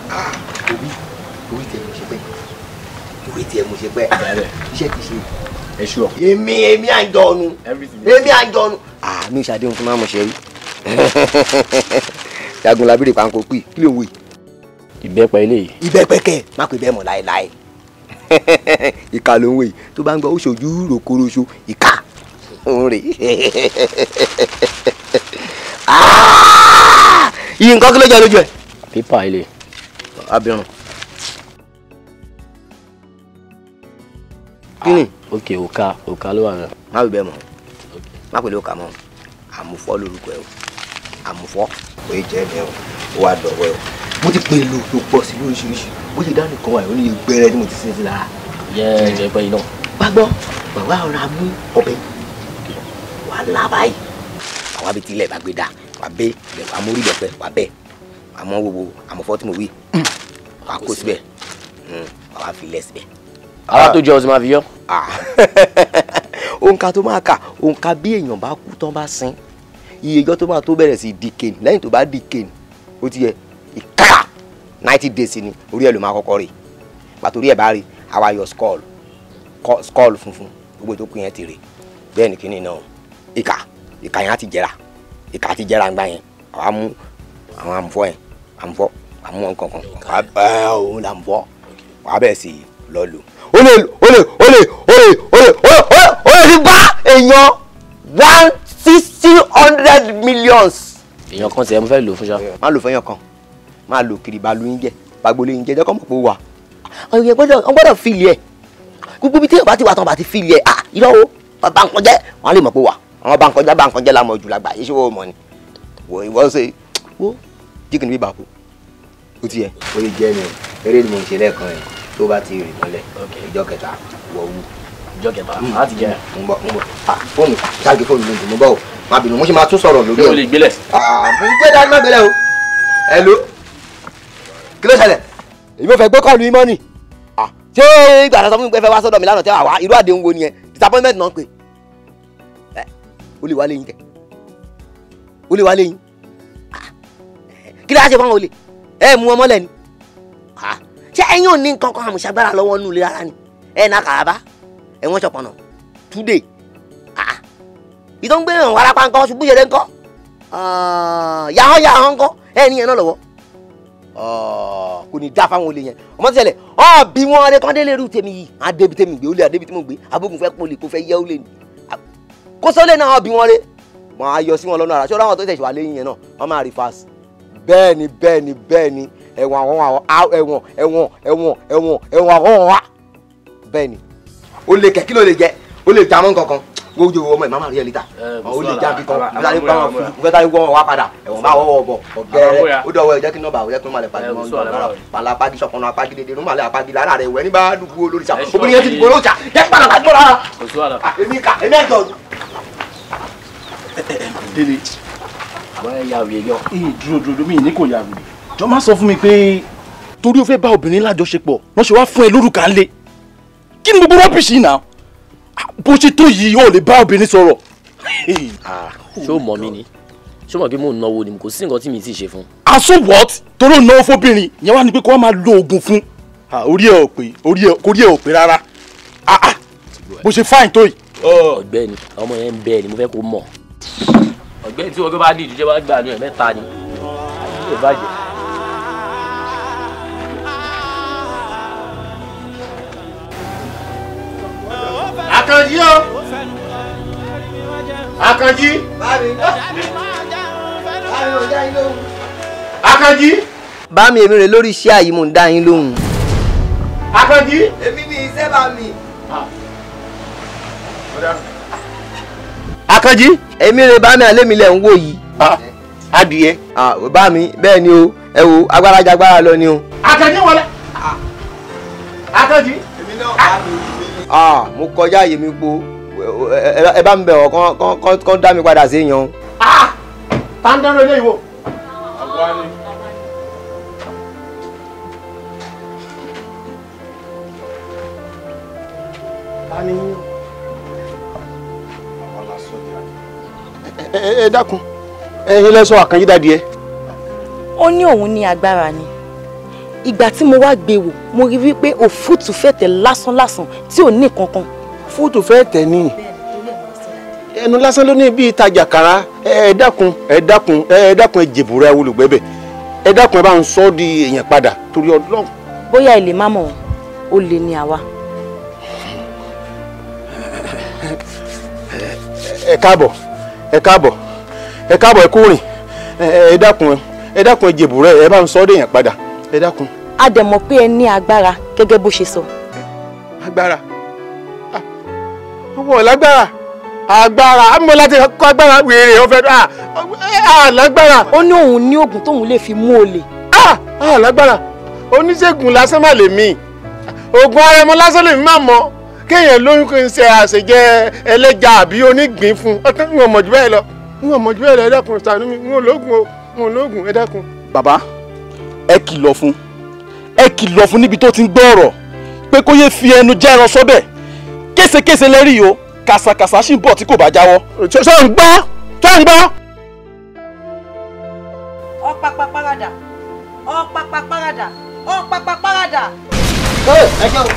ẹ ṣú ọ. èmi èmi àjọnu èmi àjọnu. àmì ìṣàdéhùn fún máàmù ṣe rí (laughs) jagun labire panko pè kí ló ń wí. ìbẹ́pẹ eléyìí. ìbẹ́pẹ kẹ má pè bẹ́ẹ̀ mọ̀ láéláé. (laughs) ìka ló ń wí tó bá ń gbọ́ ó ṣojú rokoroṣo ìka òun rè é. yìí nǹkan kí ló jẹ́ lójú ẹ̀. pépà ilé. abirùn. kí ni. ok òka òka ló wà náà. má wí bẹ́ẹ̀ mọ́ má pèlè òka mọ́ àmúfọ́ lórúkọ ẹ̀ o àmúfọ́ kò í jẹ́ ẹ̀ o ó wà dọ̀wọ́ ẹ̀ o mo ti pè lò tó pọ̀ sí lóríṣiríṣi bó ṣe dánù kan wà ó ní gbẹrẹ tí mo ti sin sí lára. yẹ ẹ ẹ pẹ́ yìí náà. gbọ́ bàbá ọ̀rọ̀ amú ọbẹ̀ wà lábàáyé àwa bíi tilẹ̀ bá gbé dà wà bẹ́ẹ̀ wà mórí bẹ̀ wà bẹ́ẹ̀ àmọ́ wo wo tí mo wí hmm. wà kó síbẹ̀ hmm. wà wá fi lẹ̀ síbẹ̀ ara ah. tó jẹ ọsẹ máa fi yọ. Ah. (laughs) òǹkà tó máa kà òǹkà bí èèyàn bá kú tán bá sin iye ìjọ tó máa tó bẹ̀rẹ̀ sí dìkẹ̀nì lẹ́yìn tó bá dìkẹ̀nì ó ti yẹ ìkà ninety days ni orí ẹ̀ ló máa kọ́kọ́ rè pàtó orí ẹ̀ bá rè àwa yọ skull skull funfun gbogbo tó kù yẹn ti rè bẹ́ẹ̀ ni kínní náà ìkà ìkà yẹn á ti jẹrà ìkà á ti jẹrà ńgbà yẹn àwa mú àwọn àmúfọ́ yẹn àmúfọ́ àmú wọn kankan àwa bẹ́ẹ̀ òun là o lè o lè o lè o lè o lè o lè o lè fi bá èèyàn one sixty hundred millions. èèyàn kan tiẹ̀ mo fẹ́ lò fún ṣá. má lò fẹ́yàn kan má lò kiri balu yín jẹ bagbolé yín jẹ jẹ́ kọ́ mọ̀ pé ó wà. ọ̀yẹ̀ gbọ́dọ̀ ọ gbọ́dọ̀ fìlì ẹ̀ gbogbo ibi tí yóò bá ti wà tán bá ti fìlì ẹ̀ à irọ́ o bàbá nǹkan jẹ́ wọ́n lè mọ̀ pé wà àwọn bá nǹkan jẹ́ bá nǹkan jẹ́ lámọ̀ jù lágbà yìí ṣé wọ́n mọ̀ ni wọ́n ṣe wó jíkìnnì bíbà kú ó ti yẹ. ó yẹ jẹ́ mi eré ni mo ń ṣe lẹ́ẹ̀kan yẹn tó bá ti rìn mọ́lẹ̀ ìjọ kẹta wọ̀ wú. ìjọ kẹta hmm. láti jẹ. n bọ n bọ fóònù ṣáàgì fóònù lóògùn mo bọ o má bínú mo ṣe máa tún sọ̀rọ̀ lórí o. yóò lè gbélẹ̀. àmì ah, gbé dání má gbélẹ̀ o. hello kí ló ṣẹlẹ̀. èmi ò fẹ́ gbé kọ́ọ̀lù yín mọ́nì ah, ṣé ìgbà àtàtà fún mi pé fẹ́ wá sọ́dọ̀ mi lánàá tẹ́ wà wá irú àdéhùn wo nìyẹn disappointment náà ń pè ẹ eh, o lè wá lẹ́yìn kẹ o lè wá lẹ́yìn ah, kí ló wá ṣe fún àwọn ṣé ẹ̀yin ò ní nǹkan kan àmùṣagbára lọ́wọ́ nù lé ara ni ẹ̀ náà kàràbá ẹ̀wọ̀n ṣọ̀pọ̀nà today ìtọ́ ń gbé ìrìn warapa nǹkan ṣubú ṣeré nǹkan yàhán yàhán nǹkan ẹ̀rín yẹn náà lọ́wọ́ ah, kò ní dá fáwọn olè yẹn ọmọ tí ṣẹlẹ̀ ọ bí wọn rẹ kán délé rú tèmi yìí á débi tèmi gbé olè àdébi tí mo gbé abógun fẹ́ pọlì kó fẹ́ yẹ olè ni kó sọlé náà bí wọn rẹ wọn yọ sí wọn lọ́nà ara ṣọ́ra wọn tó tẹ̀síwá lẹ́yìn yẹn náà wọn máa rí fast bẹ́ẹ̀ ni bẹ́ẹ̀ ni bẹ́ẹ̀ ni ẹ̀wọ̀n àwọn àwọn ẹ̀wọ̀n ẹ̀wọ̀n ẹ̀wọ̀n ẹ̀wọ̀n ẹ̀wọ̀n àwọn wa bẹ́ẹ̀ ni ó lè kẹ́ kí ló lè jẹ ó lè jamọ́ nǹkan kan gbogbo ọmọ ìmọ̀ àríyá lítà ó lè já bí kan nígbà tí wọ́n fẹ́ táyé wọ́n wá padà ẹ̀wọ̀n bá wọ́wọ́ bọ̀ ọ̀gẹ́rẹ́ ó dọ̀wọ́ ẹ̀jẹ̀ kí nọ́ọ̀bà ó yẹ kí wọ́n máa lè pàdé mọ́ ọ̀nà pàlà pàdé sọ̀kànnà apági dédé ló máa lè apági lára rẹ̀ wẹ́n nígbà dùgbò olórí sa obìnrin yẹn ti dùgbò olórí sa yẹ padà pàdé mọ́ lára èmi kà èmi ẹ̀jọ̀. délé àbáyá yà wẹ̀ yọ dúró dúró mi ní kò yà wẹ̀ jọ má sọ fún mi pé torí o fẹ́ bá obìnrin lájọṣepọ̀ wọ́n ṣe wá fún ẹ lórúkà ńlẹ̀ kí ni gbogbo rọ́bìṣì náà bó ṣe tó yìí o lè bá obìnrin sọ̀rọ̀. Ah, ṣé o mọ̀ mi ni ṣé o mọ̀ pé mò ń náwó ni kò sí nǹkan tí mi ti ṣe fún. aso ah, what torí o náwó fóbìnrin yẹn wá ní pé kó wá máa lo oògùn fún ah, orí ẹ ò pé orí ẹ ò pé rárá bó ṣe fáìn tó yìí. Oh. ọ̀gbẹ́ni ọmọ yẹn ń bẹ ni mo fẹ́ kó mọ̀ ọ̀gbẹ́ni tí wọn bá dìjú jẹ wá gbàdúrà mẹ́ta ni ó lè Àkànjí o Àkànjí Àkànjí. bá mi èmi rè lórí iṣẹ́ àyè mò ń dá yín lóhùn. Àkànjí. èmi ni iṣẹ́ bá mi. Ah. Àkànjí. èmi rè bá mi àlẹ́ mi lẹ̀ ń wò yìí. Ah, adìyẹ. Ah, bá mi bẹ́ẹ̀ ni o ẹ wo agbára jagbára lọ ni o. Àkànjí wọlé. Àkànjí. èmi náà bá mi ah mo kọjá àyè mi po ẹ bá mi bẹ̀ ọ́ kán dá mi padà sí yan. Ah! tá ń dẹ́rọ ilé ìwò. ẹ dákun ẹ̀yin lẹ sọ àkànjí dàdí ó ní òun ní agbára ni ìgbà tí mo wá gbé wò mo rí wípé òfútù fẹ̀tẹ̀ lásánlásán tí ò ní kankan. fútù fẹ̀tẹ̀ ni ẹnu lásán ló ní bí ìtajà kara ẹ dákun ẹ dákun ẹ dákun ẹ jèbùrẹ́ olùgbẹ́bẹ̀ ẹ dákun ẹ bá ń sọ ọ́ di èèyàn padà torí ọlọ́run. bóyá ilé má mọ̀ ó lè ní àwa. ẹ káàbọ̀ ẹ káàbọ̀ ẹ káàbọ̀ ẹ kúrìn ẹ dákun ẹ dákun ẹ jèbùrẹ́ ẹ bá ń sọ ọ́ di èèyàn padà. ẹ dákun. a dẹ̀ mọ̀ pé ẹ ní agbára gẹ́gẹ́ bó ṣe sọ. agbára ọmọ ọ̀lágbára agbára àmọ́ láti kọ́ agbára wèrè ọ̀fẹ́ àlágbára. ó ní òun ní oògùn fi mú olè. àlágbára oníṣègùn lásán má lè mí oògùn ara lásán lè mí má mọ kéèyàn lóyún kí n ṣe àṣejẹ ẹlẹ́ja àbí onígbín fún ọtán ń ọmọ jù edakun. lọ ń ẹ kìlọ̀ fún ẹ kìlọ̀ fún níbi tó ti ń gbọ́ ọ̀rọ̀ pé kó yé fi ẹnu já ẹran sọ́bẹ̀ késekése lẹ́rìí o kàsàkàsà sì ń bọ̀ tí kò bá jáwọ́. ṣé ń gbọ́ ṣé ń gbọ́. ọ̀pápá parada ọ̀pápá parada ọ̀pápá parada. ẹ ẹ jẹ́ o.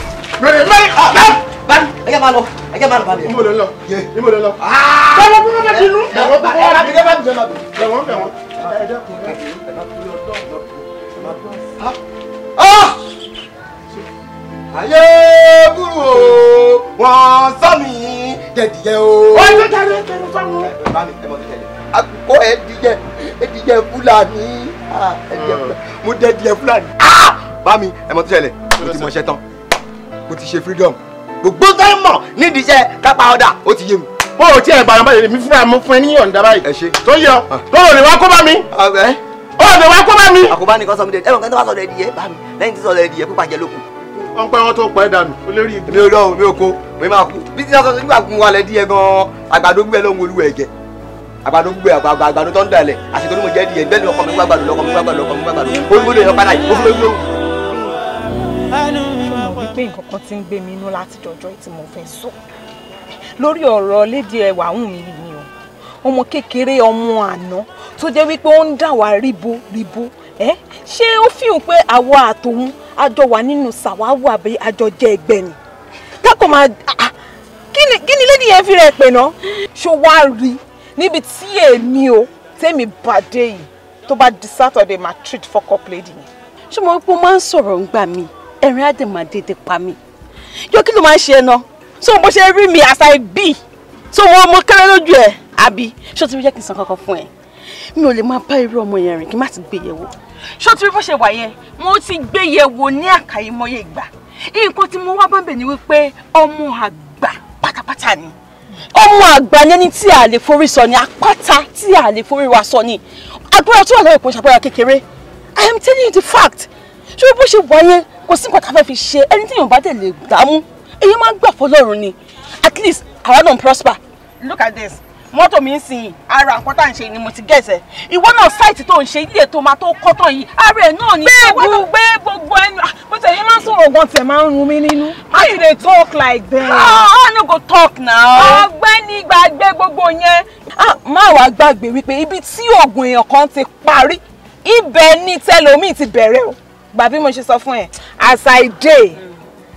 mẹ́rin mẹ́rin ọ̀pẹ́ bani ẹjẹ ma lọ ẹjẹ ma lọ bani. nbọdọ lọ ye nbọdọ lọ. bẹ̀rẹ̀ bí wọn bẹ ti lu. bẹ̀rẹ̀ bí wọn bẹ ti lu. bẹ̀rẹ̀ bí wọn bẹ ti lu. Ah! Ah! ayé burú o wọn sọ mi jẹdìyẹ o. wọ́n ti tẹ̀lé tẹ̀lé sọ́mu. ẹ bá mi ẹ mọ̀ tẹ̀lé. àkókò ẹ dìjẹ ẹ dìjẹ fúlàní ah, ẹ dìjẹ fúlàní mo dẹ dìjẹ fúlàní. bá mi ẹ mọ̀ tẹ̀lé mo ti mọṣẹ́ tán mo ti ṣe freedom gbogbo tó ń mọ̀ nídìí iṣẹ́ kápá ọ̀dà ó ti yé mi bó o tiẹ̀ bàrà báyìí mi fúnra mo fún ẹ ní ọ̀ǹda báyìí. ẹ ṣe tó yẹ ọ lọ́rọ̀ ni wàá kó bá mi ó lè wá kó bá mi. àkóbá nìkan sọ mi dẹ̀dí ẹ̀rọ kan tó wá sọ dẹ̀dí yẹ bá mi lẹ́yìn tí sọ dẹ̀dí yẹ pípa jẹ lókun. wọ́n pẹ́ wọn tó pẹ́ dànù olórí ibi. mi ò lọ mi ò kó mi máa kú bí tíyà sọ nígbà gun alẹ́ díẹ̀ gan-an àgbàdo gbẹ ló ń wolú ẹ̀ jẹ àgbàdo gbẹ àgbàdo tó ń dalẹ̀ àsìkò ní mo jẹ́ díẹ̀ bẹ́ẹ̀ ni ọkọ mi gbàgbàdo lọkọ mi gbàgbàdo lọkọ mi gbàgbàdo olúwo lè yọ padà yìí ó fún mi pé nǹkan kan ti ń mi inú láti dọjọ́ tí mo mi ọmọ kékeré ọmọ àná tó jẹ́ wípé ó ń dà wá ríbo ríbo ẹ́ ṣé ó fihàn pé àwa àtòun àjọ wà nínú sàwáwò àbí àjọ jẹ́ ẹgbẹ́ ni kákò máa ah, ah, kí ni lady yẹn fi rẹ̀ pè náà ṣó wá rí níbi tí èmi o tèmi bàdé yìí tó bá di Saturday máa treat for up lady yẹn. ṣé mo rí pé ó máa ń sọ̀rọ̀ ń gbà mí ẹ̀rín àdèmàdèdè pa mí yóò kí ló máa ń ṣe ẹ náà so bó ṣe rí mi as I be so wọn mo kéré lójú ẹ àbí ṣó ti rí jẹ́ kí san kankan fún ẹ mi ò lè máa bá irú ọmọ yẹn rìn kí n má ti gbé yẹ̀wò ṣó ti rí bó ṣe wà yẹn mo ti gbé yẹ̀wò ní àkàìmọye ìgbà nǹkan tí mo wá bá bẹ̀ ni wípé ọmọ àgbà pátápátá ni ọmọ àgbà ni ẹni tí a lè forí sọ ni apáta tí a lè forí wa sọ ni agbára tó wà lọ́wọ́ ìpín ṣàpẹ́rẹ́ kékeré i am telling you the fact ṣé bó ṣe wà yẹn kò sí nǹkan tá a fẹ́ fi ṣe ẹni tí èèyàn bá dẹ̀ lè dààmú èèyàn máa gbà fọlọ́run ni at least àwa náà prosper look at this mọ́tò mi ń sìn ara nǹkan tá à ń ṣe ni mo ti gẹ̀ẹ́sẹ̀ ìwọ náà sáìtì tó ń ṣe ilé tó máa tó kọ́tọ̀ yìí ara ẹ̀ náà ni ìwọ náà gbé gbogbo ẹnu bó ṣe yẹn máa ń sọ̀rọ̀ gan tẹ̀ máa ń run mí nínú how you dey talk like that. Ah, ah I no go talk now. ọ̀gbẹ́ni gbàgbé gbogbo yẹn. Ah, má wàá gbàgbé wípé ibi tí oògùn èèyàn kan ti parí ibẹ̀ ni tẹlomi ti bẹ̀rẹ̀ o gbà bí mo ṣe sọ fún ẹ as i dey.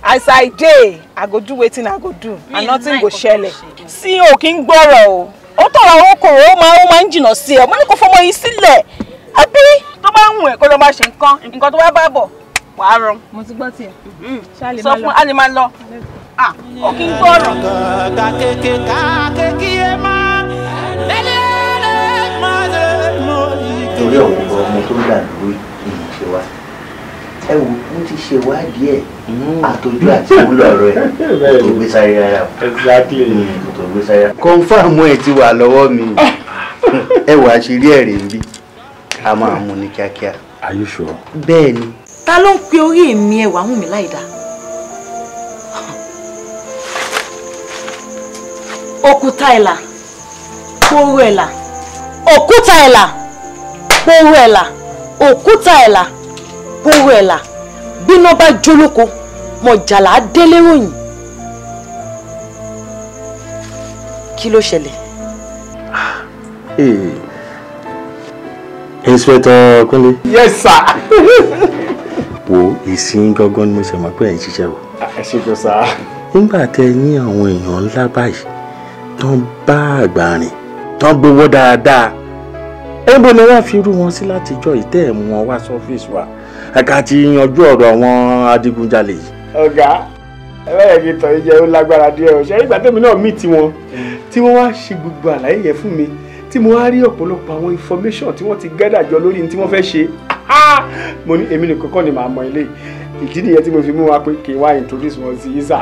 as i dey i go do wetin i go do and nothing go ṣẹlẹ̀. o o tọrọ àwọn okòrò ó máa ó máa ń si sí ẹ ọmọ fọmọ yìí sílẹ̀ àbí. tó bá ń to ẹ kó lọ máa ṣe nǹkan ti gbọ́ tiẹ̀. Mm-hmm. sọ fún a lè máa lọ. ó ẹ wò mo ti ṣe ìwádìí ẹ mm-hmm. àtọjú àti ìwúlò ọ̀rọ̀ ẹ kò tó gbé sáré rárá o kò tó gbé sáré rárá. kọ́ńfàmù ẹ̀ ti wà lọ́wọ́ mi (laughs) ẹ wà á ṣe rí ẹ̀rẹ̀ bí a máa mú ní kíákíá. Are you sure? bẹ́ẹ̀ ni. ta ló ń pe orí èmi ẹwà mú mi láì dá. (laughs) òkúta ẹ̀là kóró ẹ̀là òkúta ẹ̀là kóró ẹ̀là òkúta ẹ̀là bóró ẹ̀ là bíná bá jólóko mọ̀jàlá délé ròyìn kí ló ṣẹlẹ̀. Ah, eh. inspector Kúnlé. yes sir. (laughs) wo ìsìn gangan ni mo ṣe mọ̀ pé ẹ̀ ń ṣiṣẹ́ o. ẹ ṣe jọ sá. nígbà tẹ ní àwọn èèyàn ńlá báyìí tán bá àgbà rìn tán gbowó dáadáa ẹ ń bọ́ ni wọ́n fi rú wọn sí látijọ́ ìtẹ́ ẹ̀ mú wọn wá sọ́fíìsì wa ẹ̀ka ti yanjú ọ̀rọ̀ àwọn adigunjalè yìí. ọ̀gá ẹ bá yẹ kí tọ́ yìí jẹ́ ó lágbára díẹ̀ o ìgbà tẹ́mi náà mí tiwọn tí wọ́n wá ṣe gbogbo àlàyé yẹn fún mi tí mo wá rí ọ̀pọ̀lọpọ̀ àwọn information tí wọ́n ti gẹ́dà jọ lórí ní tí wọ́n fẹ́ ṣe mo ní èmi nìkan kọ́ ni màá mọ ilé ìdí nìyẹn tí mo fi mú wa pé kí n wá introduce wọn sí yín sá.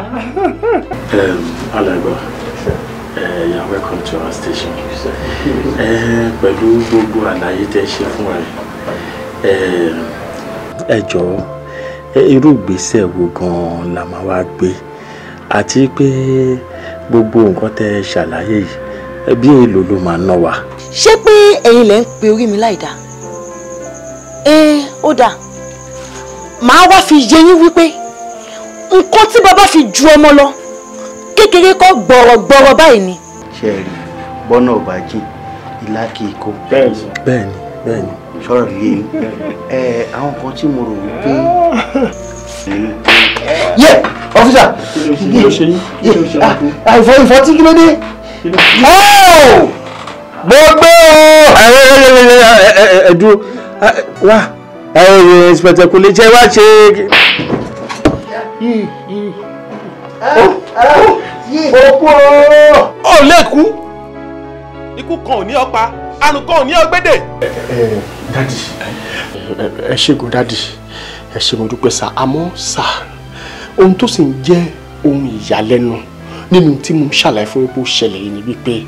you are welcome to our station pẹ̀lú gbogbo àlàyé tẹ́ ṣe fún wa ẹ jọ̀ọ́ irú ìgbésẹ̀ wo gan-an la máa wá gbé àti pé gbogbo nǹkan tẹ́ ẹ ṣàlàyé yìí ẹbí èèlò ló máa ná wa. ṣé pé ẹ̀yin lẹ ń pe orí mi láì dá ẹ ó dáa màá wá fi yé yín wípé nǹkan tí bàbá fi ju ọmọ lọ kékeré kọ́ gbọ̀rọ̀gbọ̀rọ̀ báyìí ni. ṣe é rí bọ́nà ọ̀bàjì ìlà kìí kó. bẹ́ẹ̀ni bẹ́ẹ̀ni bẹ́ẹ̀ni sọ̀rọ̀ yìí ẹ àwọn kan tí mo rò wípé. yẹ ọfíìsà ah, àìfọ ìfọ tí kí ló dé. gbogbo ẹdùn ah, wá inspector kò lè jẹ́ wá ṣe. Oh, oh. ó lè kú ikú kan ò ní ọ pa àrùn kan ò ní ọgbẹ́dẹ̀. ẹ ẹ dadi ẹ ṣègùn dadi ẹ ṣe mo dúpẹ́ sá àmọ́ sá ohun tó sì ń jẹ́ ohun ìyàlẹ́nu nínú tí mo ṣàlàyé fún epo ṣẹlẹ̀ yìí ni wípé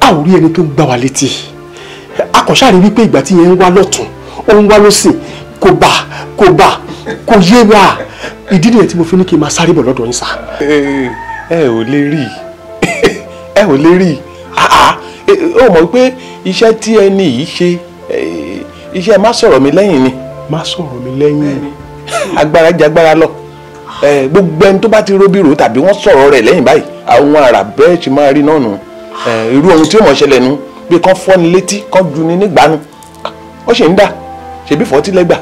a ò rí ẹni tó ń gbá létí a kàn ṣáà rí wípé ìgbà tí yẹn ń wá lọ́tún ó ń wá lọ́sìn kò bá kò bá kò yé wa ìdí nìyẹn tí mo fi ní kí n máa sáré bọ̀ lọ́dọ̀ yín sá. ẹ ò lè rí ẹ ò lè rí (laughs) àá ó mọ̀ pé iṣẹ́ tí ẹni yìí ṣe eh, iṣẹ́ má sọ̀rọ̀ mi lẹ́yìn ni. má sọ̀rọ̀ mi lẹ́yìn ni. agbára jagbára lọ eh, gbogbo ẹni tó bá ti ro bírò tàbí wọ́n sọ̀rọ̀ rẹ̀ lẹ́yìn báyìí àwọn ará bẹ́ẹ̀ ti máa rí náà nù eh, irú ohun tí ó mọ̀ ṣẹlẹ̀ nu bí kán fọ́ ni létí kán ju ni nígbàánu ó ṣe ń dà ṣèbí fọ́ tí lẹ́gbà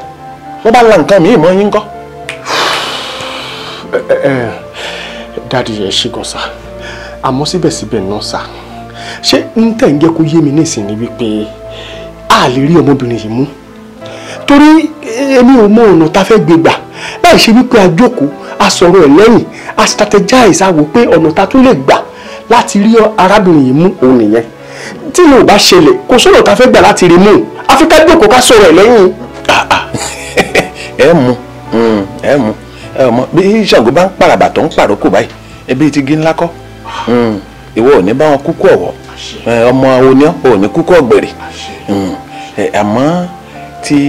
wọ́n bá la nǹkan míì mọ́ yín kọ́. dádì ẹ ṣe gan sa àmọ́ síbẹ̀síbẹ̀ náà sáà ṣé n tẹ̀ ń jẹ́ kó yé mi nísìnyí wípé a lè rí ọmọbìnrin yìí mú torí eh, èmi ò mọ ọ̀nà tá a fẹ́ gbé gbà láì ṣe wípé a jókòó a sọ̀rọ̀ ẹ̀ lẹ́yìn a strategize a wò pé ọ̀nà tá a tún lè gbà láti rí arábìnrin yìí mú òun nìyẹn tí yóò bá ṣẹlẹ̀ kò sọ̀rọ̀ tá a fẹ́ gbà láti rí mú àfi ká jókòó ká sọ̀rọ̀ ẹ̀ lẹ́yìn. Ah, ah. (laughs) Mm, ẹ mú ẹ mú ẹ mọ bí Ṣàngó bá ń pàràbà tó ń pàrókò báyìí ẹbí ti gí ńlá kọ́. Mm ìwọ ò ní bá wọn kúkú ọ̀wọ́ ọmọ oníọ́ ò ní kúkú ọ̀gbẹ̀rẹ̀ hmm. àmọ́ tí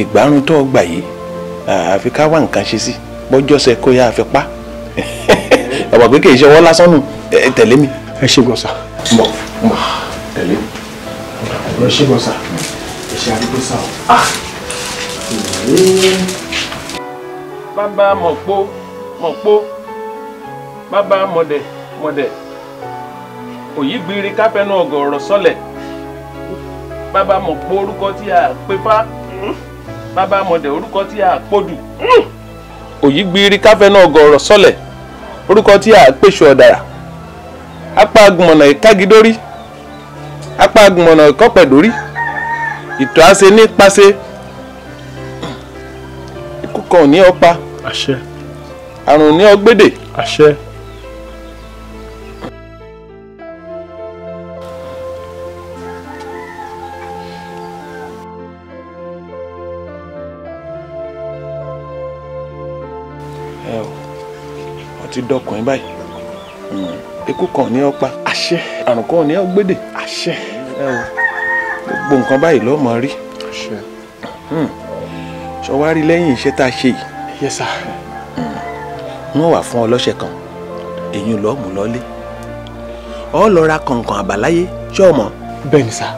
ìgbárun tó gbà yìí àfi ká wá nǹkan ṣe sí bọ́jọ́sẹ̀ kó yá àfi pa (laughs) ọ̀pọ̀ pé kì í ṣe ọwọ́ lásán nù tẹ̀lé mi. ẹ ṣe gbọ́n sá. mbọ mbọ tẹ̀lé mi. ẹ ṣe gbọ́n sá ẹ ṣe àdúgbò sá o. Ah! bàbá mọ̀pó mọ̀pó bàbá mọ̀dẹ̀ òyí gbiri káfẹ́nu ọ̀gọ̀ọ̀rọ̀ sọlẹ̀ bàbá mọ̀ pé orúkọ tí a pè fá bàbá mọ̀dẹ̀ orúkọ tí a pòdù òyí gbiri káfẹ́nu ọ̀gọ̀ọ̀rọ̀ sọlẹ̀ orúkọ tí a pèsè ọ̀dàrà apá agùnmọ̀nà ìkágidórí apá agùnmọ̀nà ìkọ́pẹ̀dórí ìtọ́ àṣẹ ní pàṣẹ ikú kan ò ní ọpa àṣẹ àrùn ní ọgbẹ́dẹ̀ ti dọkàn yín báyìí hmm. ikú kan ní ọpa àṣẹ àrùn kan ní ọgbẹ́dẹ̀ àṣẹ gbogbo nǹkan báyìí lọ́mọ rí ṣọwárí hmm. lẹ́yìn iṣẹ́ tá a ṣe yìí yes sir hmm. wọ́n wà fún ọlọ́ṣẹ̀ kan èyí lọ́ọ́ mú lọ́lé ọ lọ ra kọ̀ǹkọ̀ǹ àbáláyé ṣọ́ọ̀mọ́. bẹ́ẹ̀ ni sá.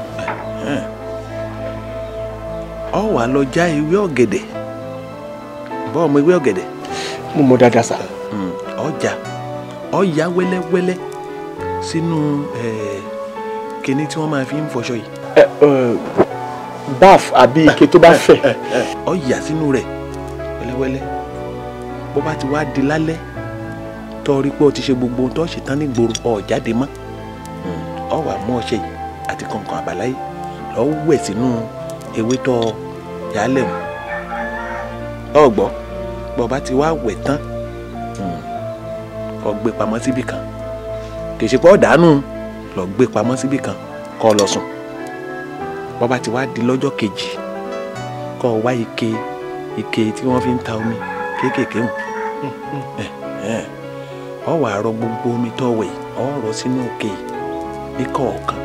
ọ wà lọ já ewé ọ̀gẹ̀dẹ̀ bọ́ọ̀ mọ ewé ọ̀gẹ̀dẹ̀. mo mọ dáadáa sá ọjà ọ̀yà wẹ́lẹ́wẹ́lẹ́ sínú kinní tí wọ́n máa fi ń fọṣọ yìí. baf àbí ike tó bá (laughs) fẹ̀. ọ̀yà sínú rẹ̀ wẹ́lẹ́wẹ́lẹ́ bó bá ti wá di lálẹ́ tọ́ rí pé o ti ṣe gbogbo ohun tó ṣe tán ní gbòòrò ọ̀ jáde mọ́ ọ wà mú ọṣẹ yìí àti kọ̀ǹkọ̀ǹ àbáláyé lọ́ọ́ wẹ̀ sínú ewé tọ́ yálẹ̀ mu ọgbọ́ bọba ti wá wẹ̀ tán kó gbé pamọ́ síbì kan kì í ṣe pé ọ̀dánù lọ gbé pamọ́ síbì kan kó lọ sùn bó bá ti wá di lọ́jọ́ kejì kó wá ike ike tí wọ́n fi ń ta omi kéékèèké hùn ọ wá rọ gbogbo omi tó wẹ̀ ọ rọ sínú òkè ní kọ̀ọ̀kan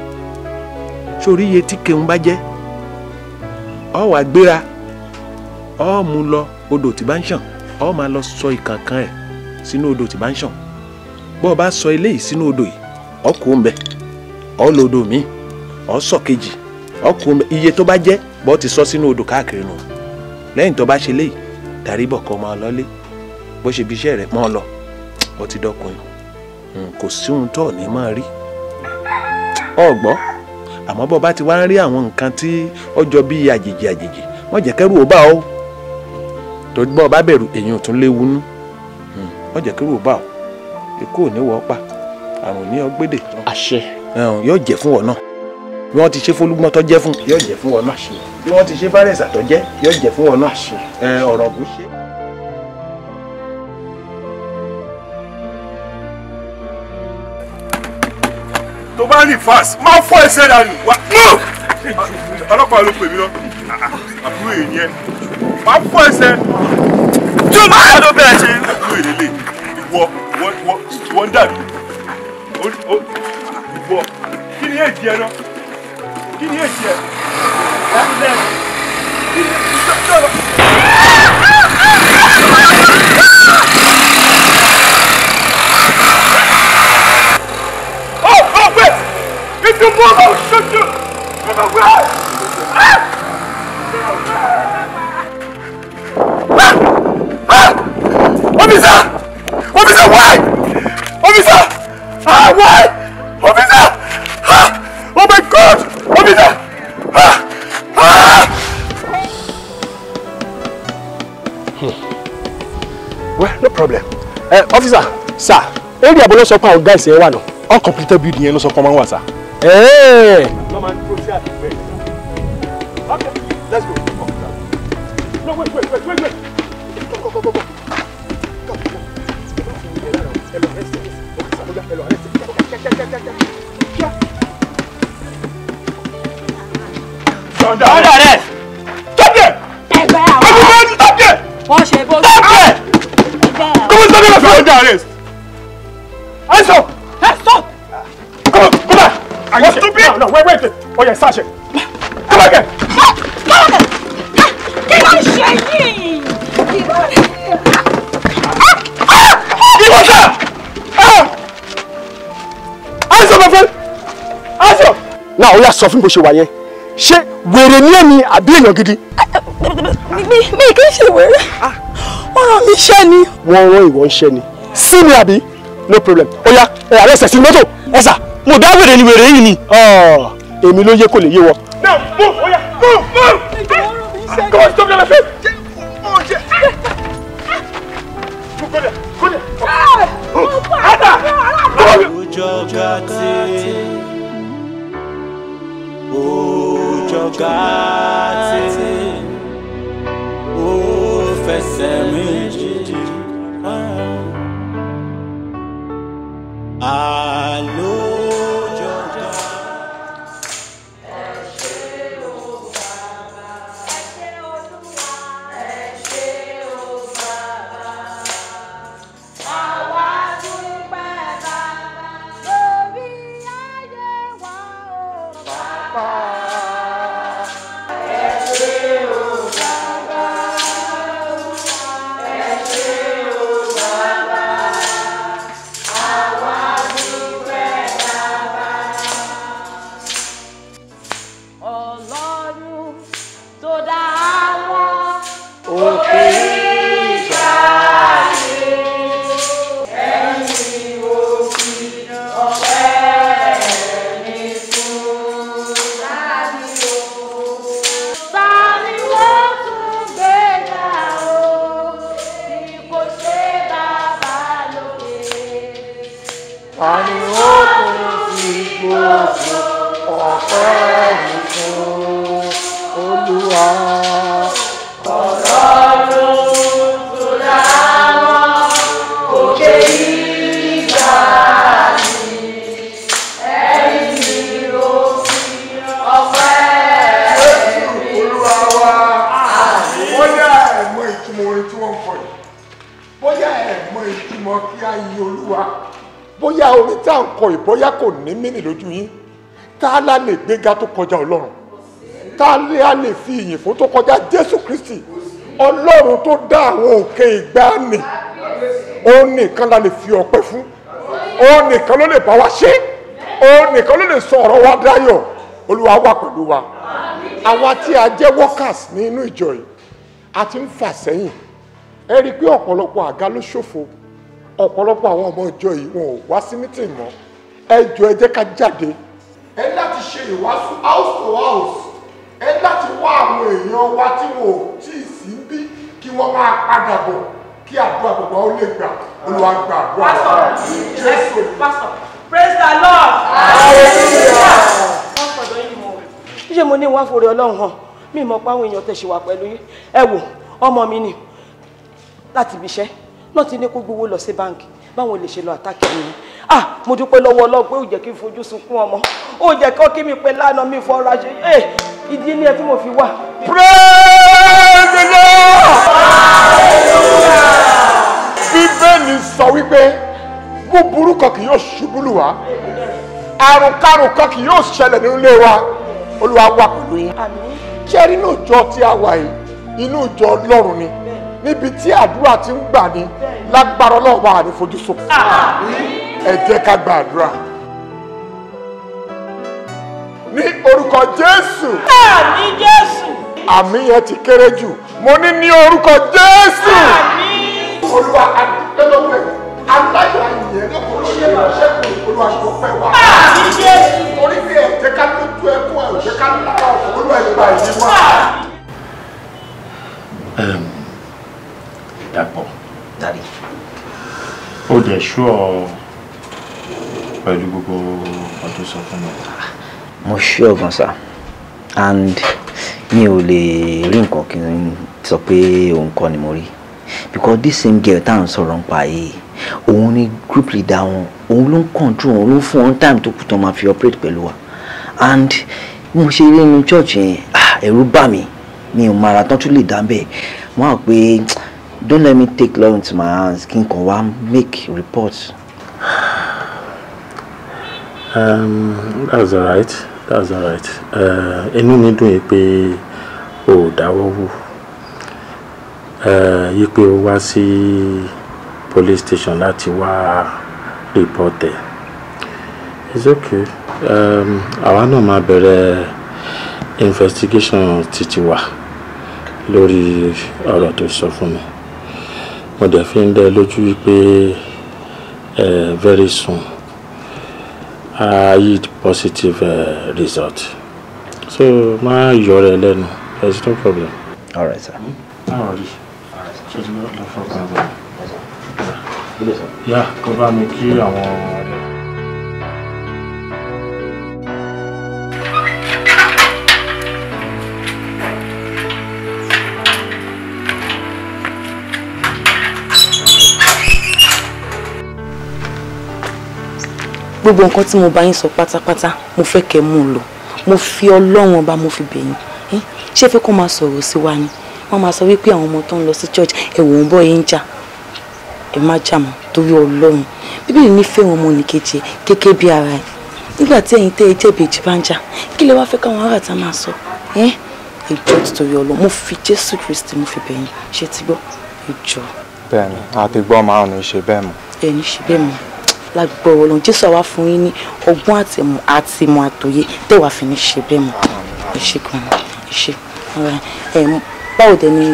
sórí iye tí kéwọn bá jẹ́ ọ wá gbéra ọ mú lọ odò tí bá ń ṣàn ọ máa lọ sọ ìkànkan ẹ̀ sínú odò tí bá ń ṣàn. bọ́ ọ bá sọ eléyìí sínú odò yìí ọkùn ń bẹ ọ lọ odò mi ọ sọ kejì ọkùn ń bẹ iye tó bá jẹ́ bọ́ ti sọ sínú odò káàkiri nù lẹyìn tó bá ṣe léyìí darí bọ̀ kọ́ máa lọ́lé bó ṣe bí iṣẹ́ rẹ̀ mọ́ ọ lọ ọ ti dọkùnrin kò sí ohun tó ní máa rí ọgbọ́ àmọ́ bọ́ bá ti wá ń rí àwọn nǹkan tí ọjọ́ bíi àjèjì àjèjì wọ́n jẹ́ kẹ́rù ó bá ọ tó bọ́ ọ bá bẹrù èyí ò tún léwu nú wọ́n jẹ́ kẹ́rù ó bá ọ. ikú ò ní wọ́ pa àrùn ní ọgbẹ́dẹ̀. àṣẹ. yóò jẹ́ fún ọ náà bí wọ́n ti ṣe fólúgbọ́n tó jẹ́ fún yóò jẹ́ fún ọ náà. àṣẹ. bí wọ́n ti ṣe fárẹ̀sà tó yóò jẹ́ fún ọ náà. àṣẹ. ọ̀rọ̀ kò ṣe. tó bá rìn fast máa fọ́ ẹsẹ̀ dànù wá. ọlọ́pàá ló pè mí lọ àbúrò èèyàn máa fọ́ ẹsẹ̀. tó bá yàtọ̀ bẹ́ẹ̀ ṣe. àbúrò èlé lè. what, what, what, what, ń dàbí wọ kí ni èjì ẹ náà kí ni èjì ẹ ẹ Oh, oh, wait! area bó ló àwọn guys ẹ wà náà all completed building yẹn ló sọ pé wọ́n máa ń wà sá. ó yá sọ fún bó ṣe wà yẹn ṣé wèrè ní èmi àbí èèyàn gidi. mi kì í ṣe wèrè wọ́n ah. rán mi iṣẹ́ ni. wọ́n rán ìwọ iṣẹ́ ni sí mi àbí no problem ó yá ẹ àrẹ ẹsẹ̀ sínú mọ́tò ẹ̀sà mo dá wèrè ni wèrè yìí ni. èmi ló yẹ kó lè yé wọ. náà mú ó yá. ta la lè gbéga tó kọjá ọlọ́run ta la lè fi ìyìn fún tó kọjá jésù kristi ọlọ́run tó dá àwọn òkè ìgbàanì òun nìkan la lè fi ọpẹ́ fún òun nìkan ló lè bá wa ṣe òun nìkan ló lè sọ ọ̀rọ̀ wa dáyọ̀ olúwa wà pẹ̀lú wa àwa tí a jẹ́ workers ní inú ìjọ yìí a ti ń fà sẹ́yìn ẹ rí i pé ọ̀pọ̀lọpọ̀ àga ló ṣòfò ọ̀pọ̀lọpọ̀ àwọn ọmọ ìjọ yìí wọn ò wá sí mítìn ẹ jọ ẹ jẹ́ ká jáde tètè house to house ẹ láti wá àwọn èèyàn wa tí wọn ò tí ì sí ń bí kí wọ́n máa padà bọ̀ kí àdúrà bàbá ó lè gbà olúwa gbà àdúrà jésù. praise the lord. hallelujah. wọ́n fọ̀dọ̀ yìí mọ̀. ṣé mo ní wọ́n forí ọlọ́run hàn mi mọ̀ pé àwọn èèyàn tẹ̀sí wa pẹ̀lú yín ẹ wò ọmọ mi ni láti ibi iṣẹ́ náà ti ní kó gbowó lọ sí báńkì báwọn ò lè ṣe lọ àtàkì nìyẹn ah mo dúpẹ́ lọ́wọ́ ọlọ́pẹ́ ò jẹ́ kí n fojú sunkún ọmọ ò jẹ́ kọ́ kí mi pẹ́ lánàá mi fọ́ra ṣe é eh, ìdí ilé ẹ tí mo fi wà. praise the lord. bíbélì sọ wípé búburú kan kì yóò ṣubú lù wá àrùnkárùn kan kì yóò ṣẹlẹ̀ nínú ilé wa olúwa wà pẹ̀lú yín. kẹ́rí inú ìjọ tí a wà yìí inú ìjọ ọlọ́run ni níbi tí àdúrà ti ń gbà ní lágbára ọlọ́run wa ẹ jẹ́ ká gbàdúrà ní orúkọ jésù. àmín jésù. àmín yẹn ti kéré jù mo ní ní orúkọ jésù. àmín. olúwa àdìgbẹ́lọ́pẹ̀ aláyọ̀ ayẹyẹ olóyè ìránṣẹ́kùn olúwa ṣùgbọ́n pẹ̀ wá. àmín jésù. torí pé ẹ jẹ́ ká lójú ẹkún ẹ̀ jẹ́ ká lára ọ̀pọ̀ olúwa ìgbà yìí wá. dàpọ̀ dàdí ó dẹ̀ ṣú pẹ̀lú gbogbo ọdún sọ fún mi. mo ṣíọ gan sa and mi ò lè rí nǹkan kí n sọ pé òun kọ́ ni mo rí because this same girl tá à ń sọ̀rọ̀ ń pa yìí òun ni group leader wọn òun ló ń control òun ló ń fún wọn time tó kù tó máa fi operate pẹ̀lú wa and mo ṣe rí inú church yẹn ah, ẹ̀rù bà mí mi ò mara tán tún lè dá bẹ́ẹ̀ wọ́n á pè don't let me take law into my hands kí n kàn wá make report Um, that's alright that's alright uh, inú mi dùn yìí pé o ò dáwọ́ wò uh, yìí pé o wá sí police station láti wá report ẹ̀ it's okay um, àwa náà máa bẹ̀rẹ̀ investigation títí wa lórí ọ̀rọ̀ tó sọ fún mi mo dẹ̀ fi ń dẹ́ lójú wípé uh, very soon uh, yield positive uh, result so má yọ rẹ lẹ́nu there is no problem. all right sir. má wà rí ṣe tí wọ́n lọ fọ́ kan bọ̀. yà kó bá mi kí àwọn. gbogbo nǹkan tí mo bá yín sọ pátápátá mo fẹ́ kẹ́ mú un lò mo fi ọlọ́run ọba mo fi bẹ̀yìn ṣé fẹ́ kó máa sọ̀rọ̀ sí wa ni wọ́n máa sọ wípé àwọn ọmọ tó ń lọ sí church ẹ̀wọ̀n bọ́ yín jà ẹ má jà mọ́ torí ọlọ́run bíbélì nífẹ̀ẹ́ wọn ọmọ nìkejì ẹ̀ kéké bí ara ẹ̀ nígbà tí ẹ̀yin tẹ́ ẹ jẹ̀bi ìjì bá ń jà kí lè wá fẹ́ káwọn ará ta máa sọ ẹ ìjọ torí ọlọ́run mo fi jésù kristi mo fi bẹ̀yìn ṣe ti gbọ́ ìjọ. bẹ́ẹ̀ni àti gbọ́ márùn-ún ṣe bẹ́ẹ̀ mọ́. ẹ ní ṣe bẹ́ẹ̀ mọ́ lágbègbè ọlọ́run jésù àwa fún yín ní ọgbọ́n àtìmọ̀ àtìmọ̀ àtòyé tẹ́wàá fi ní ṣe bẹ́ẹ̀ mọ́ ẹ ṣe gan ẹ ṣe báwo dẹ̀ ni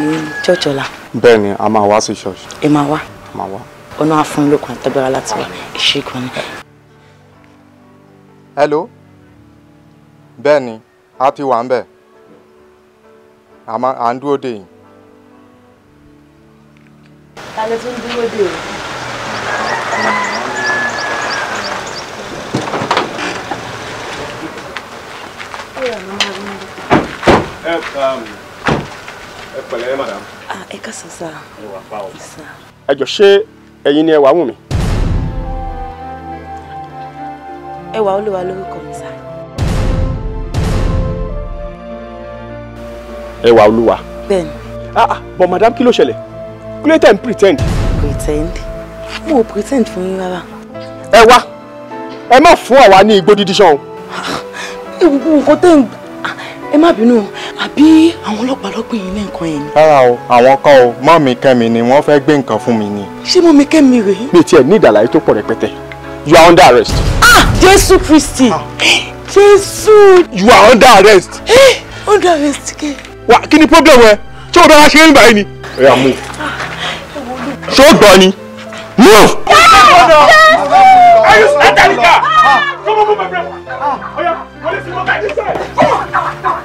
church ọ̀la. bẹ́ẹ̀ ni a máa wá sí church. ẹ máa wá. máa wá. ọ̀nà àfúnilókun àtàgbára láti wá ẹ ṣe gan ni. hello bẹ́ẹ̀ ni a ti wà ń bẹ̀ à ń dúró dè yín. ta ló tún dúró dè o. ẹ pẹ̀lẹ́ madam. Ah, ẹ káàsán sá. ẹ wà pa ọ. ẹ jọ ṣé ẹ̀yin ni ẹ wà wùn mí. ẹ wà olúwa lórúkọ mi sá. ẹ wà olúwa. bẹ́ẹ̀ni. ah ah but madam kí ló ṣẹlẹ̀ kí ló tẹ̀ ń pretend. pretend mo ò pretend fún yín rárá. ẹ wá ẹ má fún àwa ní igbó dídí ṣan o. ìwúkọ ah, tẹ̀ ń gbà ẹ má bínú àbí àwọn ọlọ́pàá lọ́gbìn yín lẹ́ǹkan yẹn ni. rárá o àwọn kan o mọ́ mi kẹ́mi ni wọ́n fẹ́ gbé nǹkan fún mi ni. ṣé mọ́ mi kẹ́mi rèé. mi tiẹ̀ ní ìdàlàyé tó pọ̀ rẹpẹtẹ you are under arrest. ah jésù kristi ah. jésù. you are under arrest. ẹ under arrest kẹ. wa kí ni problem ẹ ṣé o dára ṣe é nígbà yìí ni. ẹ yà mú. ṣé o gbọ́ ni. move. Are you standing there? Ah, come on, move my friend. Oh yeah, what is it? What is it?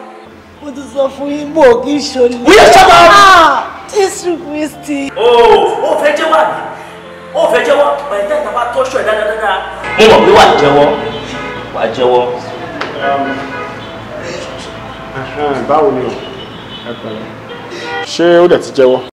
mo ti sọ fún yín mo kì í ṣolè. wíyà sábà. jésù kristi. o ò fẹ́ jẹ́wọ́ àbí o ò fẹ́ jẹ́wọ́ bàyẹ̀ tẹ́ ìtàbá tọ́ṣọ ẹ̀ dáadáa. mo mọ̀ pé wà á jẹ́wọ́ wà á jẹ́wọ́. Um, báwo ni o ṣé ó dẹ̀ ti jẹ́wọ́.